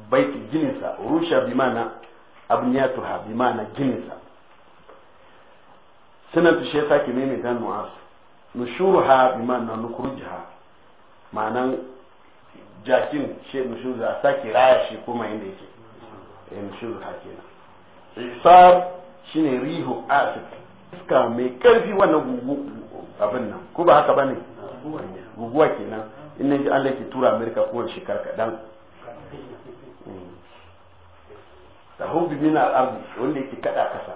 baiti gininsa rushe bi mana abin ya tuha bi mana gininsa suna shi ya sake maimaita nushuru ha bi mana nukurjiha ma'anan jakin she nushuru a sake raya shi kuma inda yake eh nushuru ha kenan isar shine rihu asif iska mai karfi wannan gugu abin nan ko ba haka bane guguwa kenan inda ji Allah ke tura Amerika kowace karka dan. Hmm. da min mina ardi wanda yake kada kasa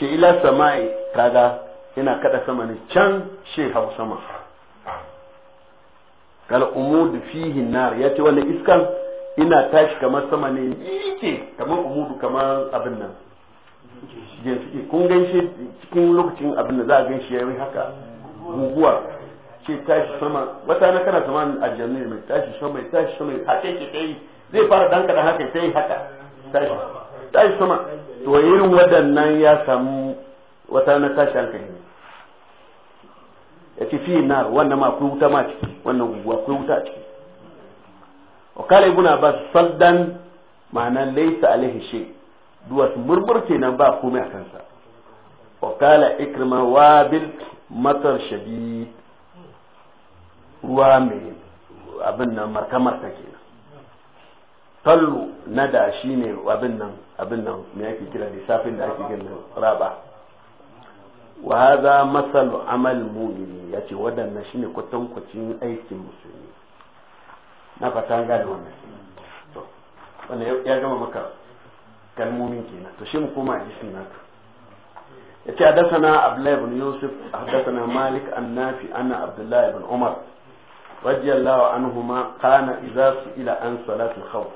ke ila sama'i kaga yana kada sama ne can shi hau sama kal umudu fihi nar yace wannan iskan ina tashi kamar sama ne yake kamar umudu kamar abin nan jinsuke kun shi cikin lokacin abin da za a shi yayin haka guguwa ce tashi sama wata na kana sama aljanna mai tashi sama mai tashi sama haka yake kai zai fara danka da haka sai haka tashi tashi sama to irin waɗannan ya samu wata na tashi hankali ne ya ce fiye na wannan ma akwai wuta ma ciki wannan guguwa akwai wuta a ciki wakala ibn abbas saddan ma'ana laisa alaihi shi duwas murmur kenan ba komai a kansa ikirma wa wabil matar shadid ruwa mai abin nan marka-marka ke tallu na da shi ne abin nan abin nan me ake kira lissafin da ake gina raba wa hadha masalu amal mu'mini yace wadannan shine kwatankwacin aikin musulmi na fatan gane wannan to ya gama maka kalmomin kenan to shi mu koma hadisin naka yace hadathana abdullah ibn yusuf hadathana malik annafi anna abdullah ibn umar radiyallahu anhuma kana idza ila an salatul khawf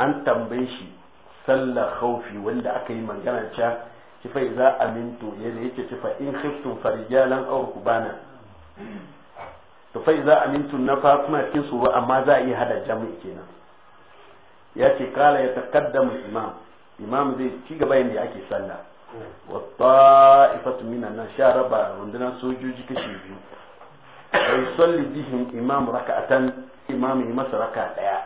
an tambaye shi sallar haufi wanda aka yi magana cewa kifa za a amintu yana yake kifa in khiftum farijalan aw rukbana to fa za a amintu na fa kuma cikin su amma za a iya hada jami'i kenan ya ce kala ya taqaddamu imam imam zai ci gaba yanda ake sallah wa ta'ifatu minan nan sha raba rundunar sojoji kashi biyu ai salli bihim imam raka'atan imam yi masa raka daya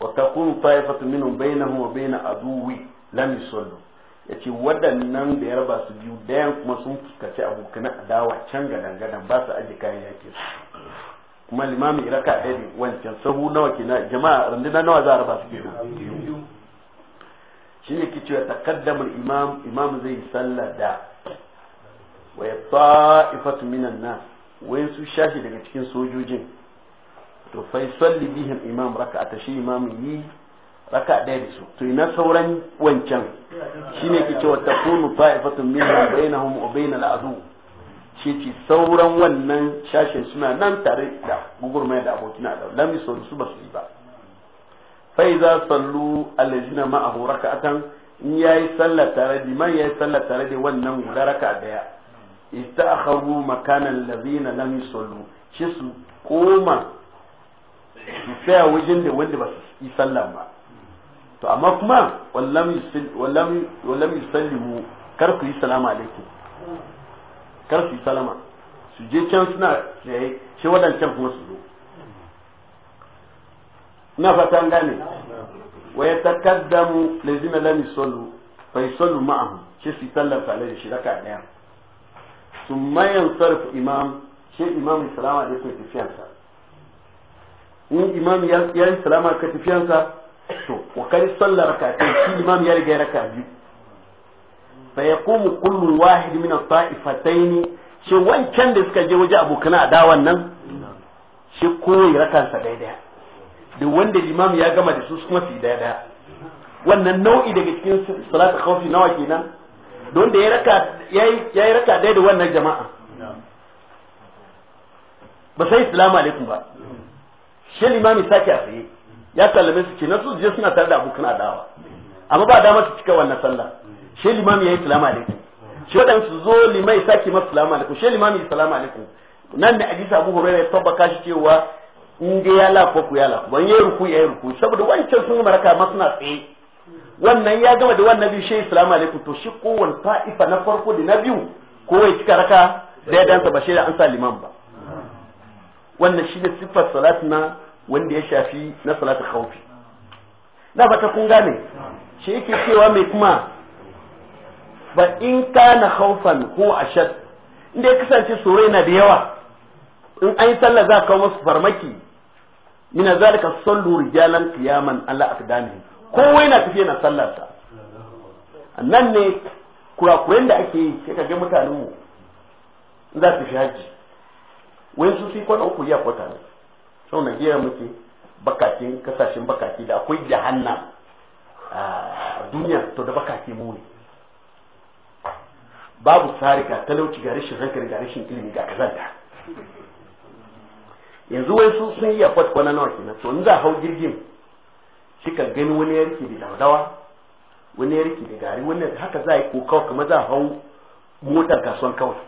wa takunu ta'ifatu minhum bainahu wa bain aduwi lam ya ce waɗannan da ya su biyu dayan kuma sun fuskaci abokan adawa can gadan gadan ba su aje kayan yakin kuma limami iraka ɗaya ne wancan sahu nawa kina jama'a randuna nawa za a raba su biyu shi ne ke cewa taqaddama imam imam zai sallah da wa ta'ifatu minan na wai su shashi daga cikin sojojin to fa yusalli bihim imam a shi imam yi raka ɗaya da su to ina sauran wancan shine ke cewa kunu ta'ifatun minhum bainahum wa bainal adu shi ce sauran wannan shashin suna nan tare da mai da abokina da lami sau su ba su yi ba fai za sallu allazina ma'ahu raka'atan in yayi sallah tare da man yayi sallar tare da wannan guda raka daya ista'kharu makanan allazina lam yusallu shi su koma su tsaya wajen da wanda ba su yi sallar ba to amma kuma wallam yusallimu kar ku yi salama alaikum kar ku yi salama su je can suna tsaye shi wadancan kuma su zo ina fata gane wa ya takaddamu lazina lam yusallu fa yusallu ma'ahu ce su sallar sa alaihi shi raka daya summa yansarfu imam ce imam salama alaikum tafiyansa in imam ya yi salama ka tafiyansa to wa kar salla rakatai shi imam ya riga raka biyu fa yaqumu kullu wahid min at-ta'ifatayn shi wancan da suka je waje abokan adawan nan shi koyi rakansa daidai da wanda imam ya gama da su kuma su daidai wannan nau'i daga cikin salatu khawfi nawa kenan don da ya raka yayi raka daidai wannan jama'a ba sai assalamu alaikum ba shi ya sake a tsaye ya talame su na su je suna tare da abokan adawa amma ba dama su cika wannan sallah shi limami yayi salamu alaikum shi waɗansu zo limai sake masa salamu alaikum shi limami salamu alaikum nan da hadisi Abu Hurairah ya tabbaka shi cewa in ga ya lafa ku ya lafa ban yayi ruku yayi ruku saboda wancan sun maraka ma suna tsaye wannan ya gama da wannan biyu shi salamu alaikum to shi kowanne ta'ifa na farko da na biyu wai cika raka da ya dansa ba shi da an sa liman ba wannan shi ne siffar salatu na wanda ya shafi na salatu khawfi da ba ta kun gane shi yake cewa mai kuma ba in kana khawfan ko ashad inda ya kasance tsoro na da yawa in an yi sallah za kawo masu farmaki mina zalika sallu rijalan qiyaman ala ko kowai na tafiya na sallar sa nan ne kurakuren da ake yi sai ga mutanen mu za su fi wai su sai kwana uku ya kwata ne sau na jiya muke bakakin kasashen bakaki da akwai jahanna a duniya to da bakaki mu ne babu tsari ga talauci ga rashin hankali ga rashin ilimi ga kazanta yanzu wai su sun yi fat kwana nawa kenan to in za hau jirgin shi gani wani ya rike da dawa wani ya rike da gari wani haka za a yi kokawa kuma za a hau motar kasuwan kawai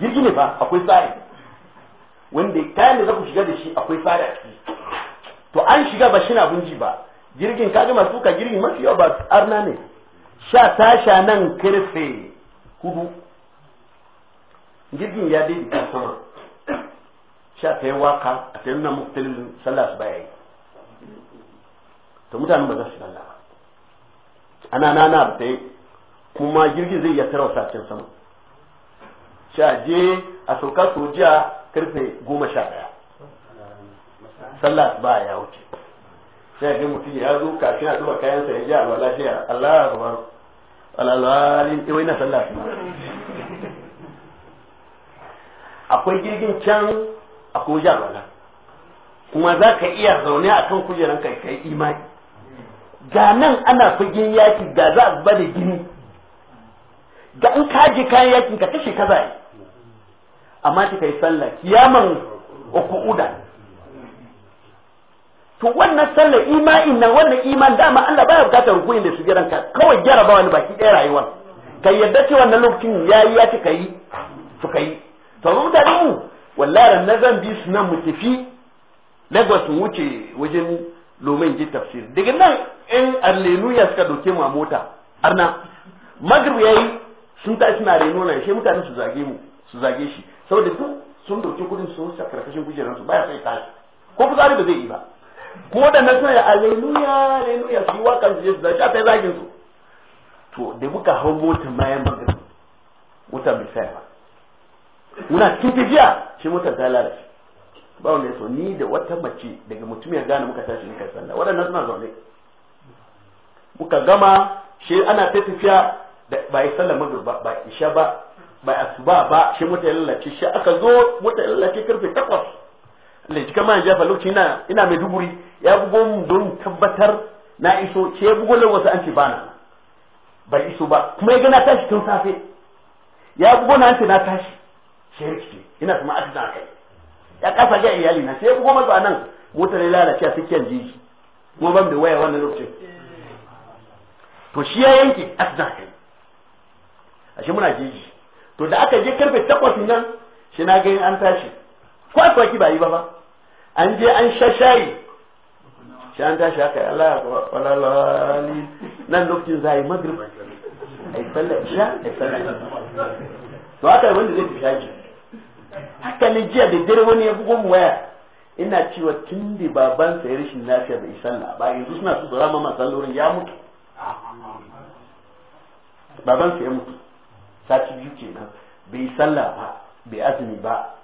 Jirgin ne ba akwai tsari wanda kayan da za ku shiga da shi akwai fada a ciki to an shiga ba shina bunji ba jirgin kaga masu ka jirgin mafi yawa ba arna ne sha tasha nan karfe hudu jirgin ya dai da sama sha ta yi waka a ta nuna muku sallah su baya yi to mutanen ba za su sallah ana nana ba ta yi kuma jirgin zai iya tarwasa can sama sha je a sauka sojiya karfe goma sha ɗaya sallah ba ya wuce sai ga mutum ya zo kafin a zuba kayansa ya ji a wala shi Allah ya akbar alalwalin eh, wai na sallah kuma akwai jirgin can akwai wajen wala kuma za ka iya zaune a kan kujeran kai kai imani ga nan ana fagen yaki ga za a bada gini ga in kaji kayan yakin ka kashe kaza yi amma ki kai sallah kiyaman uda to wannan sallah ima'in nan wannan iman dama Allah baya bukatar rukuni da sujudan ka kawai gyara ba wani baki ɗaya rayuwa ka yadda cewa wannan lokacin yayi ya ci kai su kai to mu mutane mu wallahi na zan bi su nan mu tafi Lagos mu wuce wajen lomin ji tafsir daga nan in alleluya suka doke mu a mota arna magrib yayi sun ta suna reno nan shi mutane su zage mu su zage shi saboda duk sun dauki kudin su sa karkashin kujerar su baya sai tashi ko fitsari ba zai yi ba ko da nan a aleluya aleluya su yi wakan su je su zaki a ta zagin su to da muka hau motar bayan magana wuta bai sai ba muna cikin tafiya shi motar ta lalace ba wanda ya so ni da wata mace daga mutum ya gane muka tashi muka sanda waɗannan suna zaune muka gama shi ana ta tafiya da ba yi sallama magrib ba ba isha ba ba asuba ba shi mutane ya lalace shi aka zo mutane ya lalace karfe takwas laji kama ya jafa lokaci ina ina mai duburi. ya bugo mu don tabbatar na iso ce ya bugo lai wasu an ce bana bai iso ba kuma ya gana tashi tun safe ya bugo na an na tashi shi ya rikice ina sama aka na kai ya kasa ga iyali na sai ya bugo mazu a nan motar ya lalace a tsakiyar jiji kuma ban da waya wannan lokacin to shi ya yanke aka na kai shi muna jiji to da aka je karfe takwas nan shi na gani an tashi ko aswaki ba yi ba ba an je an sha shayi shi an tashi haka Allah kwalalali nan lokacin za a yi magrib a yi sallar isha a yi sallar to haka wanda zai fi shaji haka ne jiya da dare wani ya bugo mu waya ina cewa tun da babansa ya rashin lafiya bai sallah ba yanzu suna su zama masallorin ya mutu babansa ya mutu sati biyu kenan bai sallah ba bai azumi ba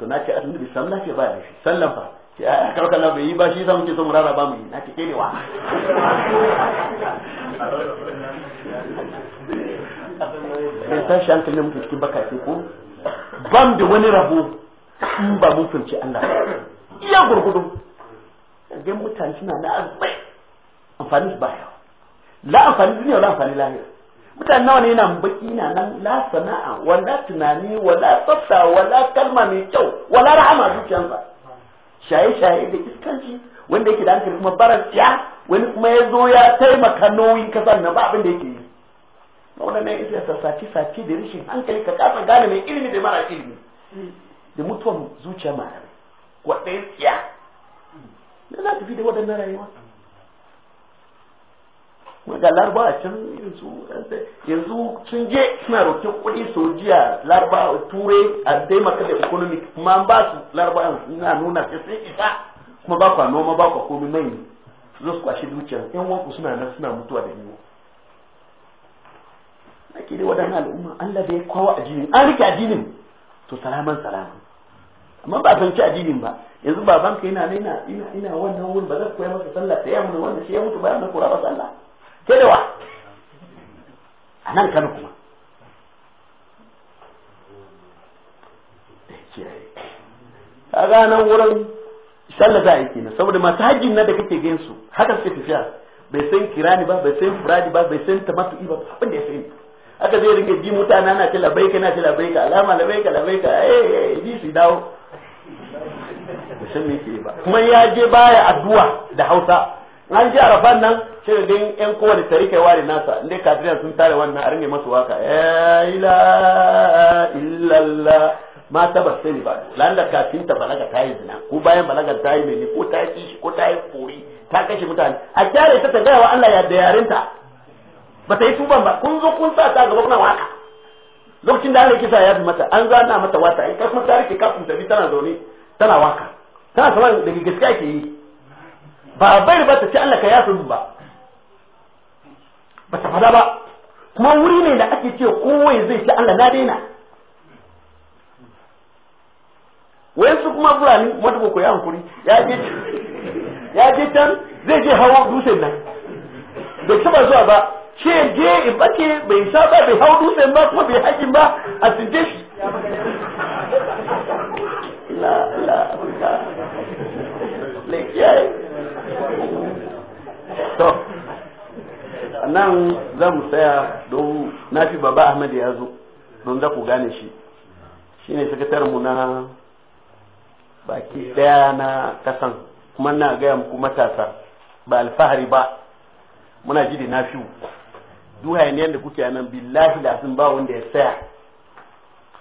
to na ce azumi bai sallah ke ba da shi sallah ba ce a karkar na bai yi ba shi sa muke so mu rara ba mu yi na ce kene wa bai tashi hankali muke cikin baka ce ko bam da wani rabo in ba mun fahimci Allah iya gurgudu idan mutane suna na azumai amfani su baya la amfani duniya la amfani lahira mutane nawa ne nan baki na nan la sana'a wala tunani wala tsafta wala kalma mai kyau wala rahama dukiyansa shaye shaye da iskanci wanda yake da hankali kuma barasiya wani kuma ya zo ya taimaka nauyin kasar na ba abin da yake yi waɗannan ita ta sace sace da rashin hankali ka kasa gane mai ilimi da mara ilimi da mutuwan zuciya mara kwaɗayin tsiya na za ta fi da waɗannan rayuwa ga larba a can yanzu yanzu sun je suna roƙe kuɗi sojiya larba ture a taimaka da economic kuma an ba su larba suna nuna sai sun isa kuma ba kwa noma ba kwa komi mai zo su kwashe dukiyar yan wanku suna nan suna mutuwa da yiwu ke dai waɗannan al'umma Allah kowa kawo addinin an rike addinin to salaman salaman amma ba san ci addinin ba yanzu babanka yana ina ina wannan wurin ba zan koya masa sallah ta yamma wannan shi ya mutu bayan na kura ba sallah sai a nan kano kuma a ranar wurin sallah za a yi kenan saboda masu hajjin na da kake gan su haka suke tafiya bai san kirani ba bai san furadi ba bai san tamatu ba abin da ya sani aka zai rike ji mutane na ta labaika na ta labaika alama labaika labaika eh eh ji su dawo bai san me yake ba kuma ya je baya addu'a da Hausa an ji a nan shi da din yan kowane tarikai ware nasa inda kafiran sun tare wannan a ringe masu waka ya ila illallah ma ta ba sani ba lan da kafin ta balaga ta yi zina ko bayan balaga ta yi mai ko ta yi shi ko ta yi kori ta kashe mutane a kyare ta ta wa Allah ya da yarinta ba ta yi tuban ba kun zo kun sa ta gaba kuna waka lokacin da Allah kisa ya bi mata an zana mata wata in kai kuma ta kafin ta bi tana zaune tana waka tana saman daga gaskiya ke yi ba bai ba ta ce Allah ka yasa ba ba ta fada ba kuma wuri ne da ake ce kowai zai ce Allah na daina wayansu kuma fulani wata koko ya hankuri ya je can zai je hawa dutse nan bai taba zuwa ba ce je in bace bai sha ba bai hau dutse ba kuma bai hakin ba a tsinje shi la la la to nan za mu tsaya don na baba ahmad ya zo don za ku gane shi shine mu na baki daya na kasan kuma na gaya muku matasa ba alfahari ba muna ji da nafiu duha ne da kuke nan billahi sun ba wanda ya tsaya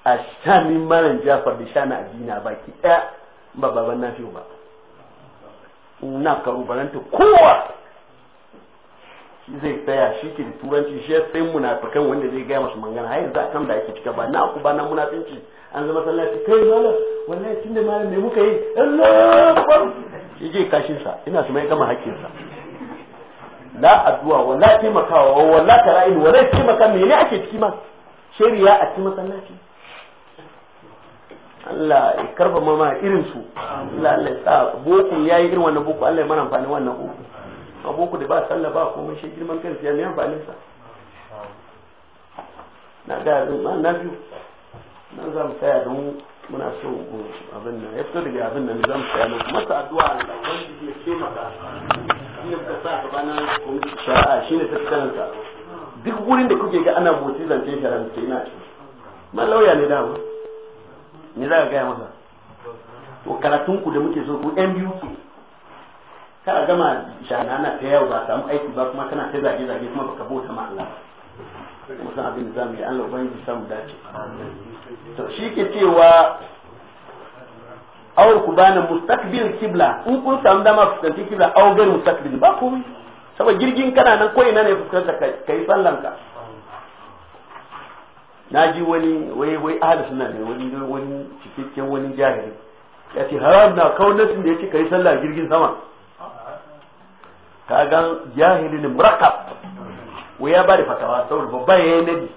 a shanin maran jafar da shana adina baki daya ba baban nafi ba na karu baranta kowa shi zai tsaya shi ke turanci shi ya sai munafikan wanda zai gaya masu mangana za a kan da ake cika ba na ku ba na munafinci an zama sallaci kai wannan wallahi tunda malam mai muka yi Allah shi ke kashin sa ina su mai gama hakkin sa la addu'a wala taimakawa wala tara'in wala taimaka me ne ake ciki ma shari'a a cikin masallaci Allah ya karfa mama irin su Allah Allah ya sa boko yayi irin wannan boko Allah ya mana amfani wannan boko a ku da ba sallah ba komai shi girman kansa ya mai amfani sa na ga na na biyu nan za mu tsaya don muna so abin nan ya fito daga abin nan za mu tsaya nan masa addu'a Allah wanda zai taimaka ne ka sa gaba na shari'a shine tattalin sa duk wurin da kuke ga ana boci zance shari'a muke ina ci ma lauya ne dama ni za ka gaya masa to karatun ku da muke so ku yan biyu kana gama shahana ta yau ba samu aiki ba kuma kana ta zage zage kuma baka bauta ma Allah Musa abin da zamu yi Allah yi samu dace to shi ke cewa awar ku bana mustaqbil kibla in kun samu dama fuskanci kibla aw gar mustaqbil ba ku saboda jirgin kana nan ko ina ne fuskanta kai sallan ka na ji wani wai wai ahli sunna ne wani wani cikakken wani jahili ya ce haram na kaunatin da ya ce kai sallah jirgin sama ka ga jahili ne murakab wai ya bada fatawa saboda babban ya yi nabi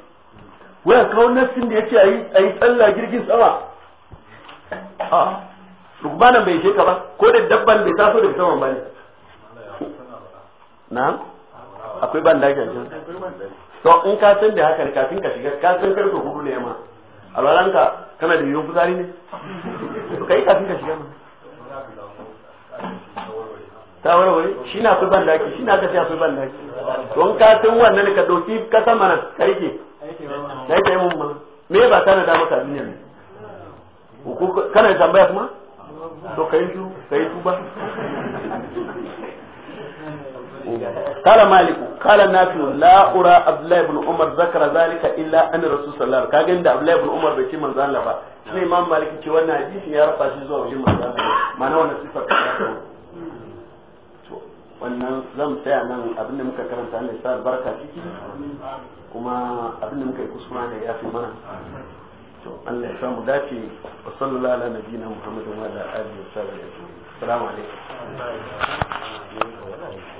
wai kawo nassin da ya ce a yi tsalla jirgin sama rukbanan ah, bai ka ba ko da dabban bai taso daga saman bane na akwai ban da a to in ka san da haka kafin ka shiga ka san karfe hudu ne ma alwalanka kana da yiwuwar fitsari ne to kai kafin ka shiga ma ta wani shi na fi ban daki shi na ka fi ban daki don ka tun wannan ka ɗauki kasa mana karke na yi mun ma me ba ta na dama ta duniya ne kana yi tambaya kuma to ka yi su ka yi tuba kala maliku kala na fi la ura abdullahi ibn umar zakara zalika illa an rasul sallallahu alaihi wasallam kaga da abdullahi ibn umar bai ci manzo Allah ba shi ne imam maliki ce wannan hadisi ya rafa shi zuwa wajen manzo Allah ma'ana wannan sifar wannan zan tsaya nan abinda muka karanta Allah ya sa albarka ciki kuma abinda muka yi kuskura da ya fi mana to Allah ya sa mu dace wa sallallahu ala nabiyina Muhammadin wa ala alihi wa sahbihi assalamu alaikum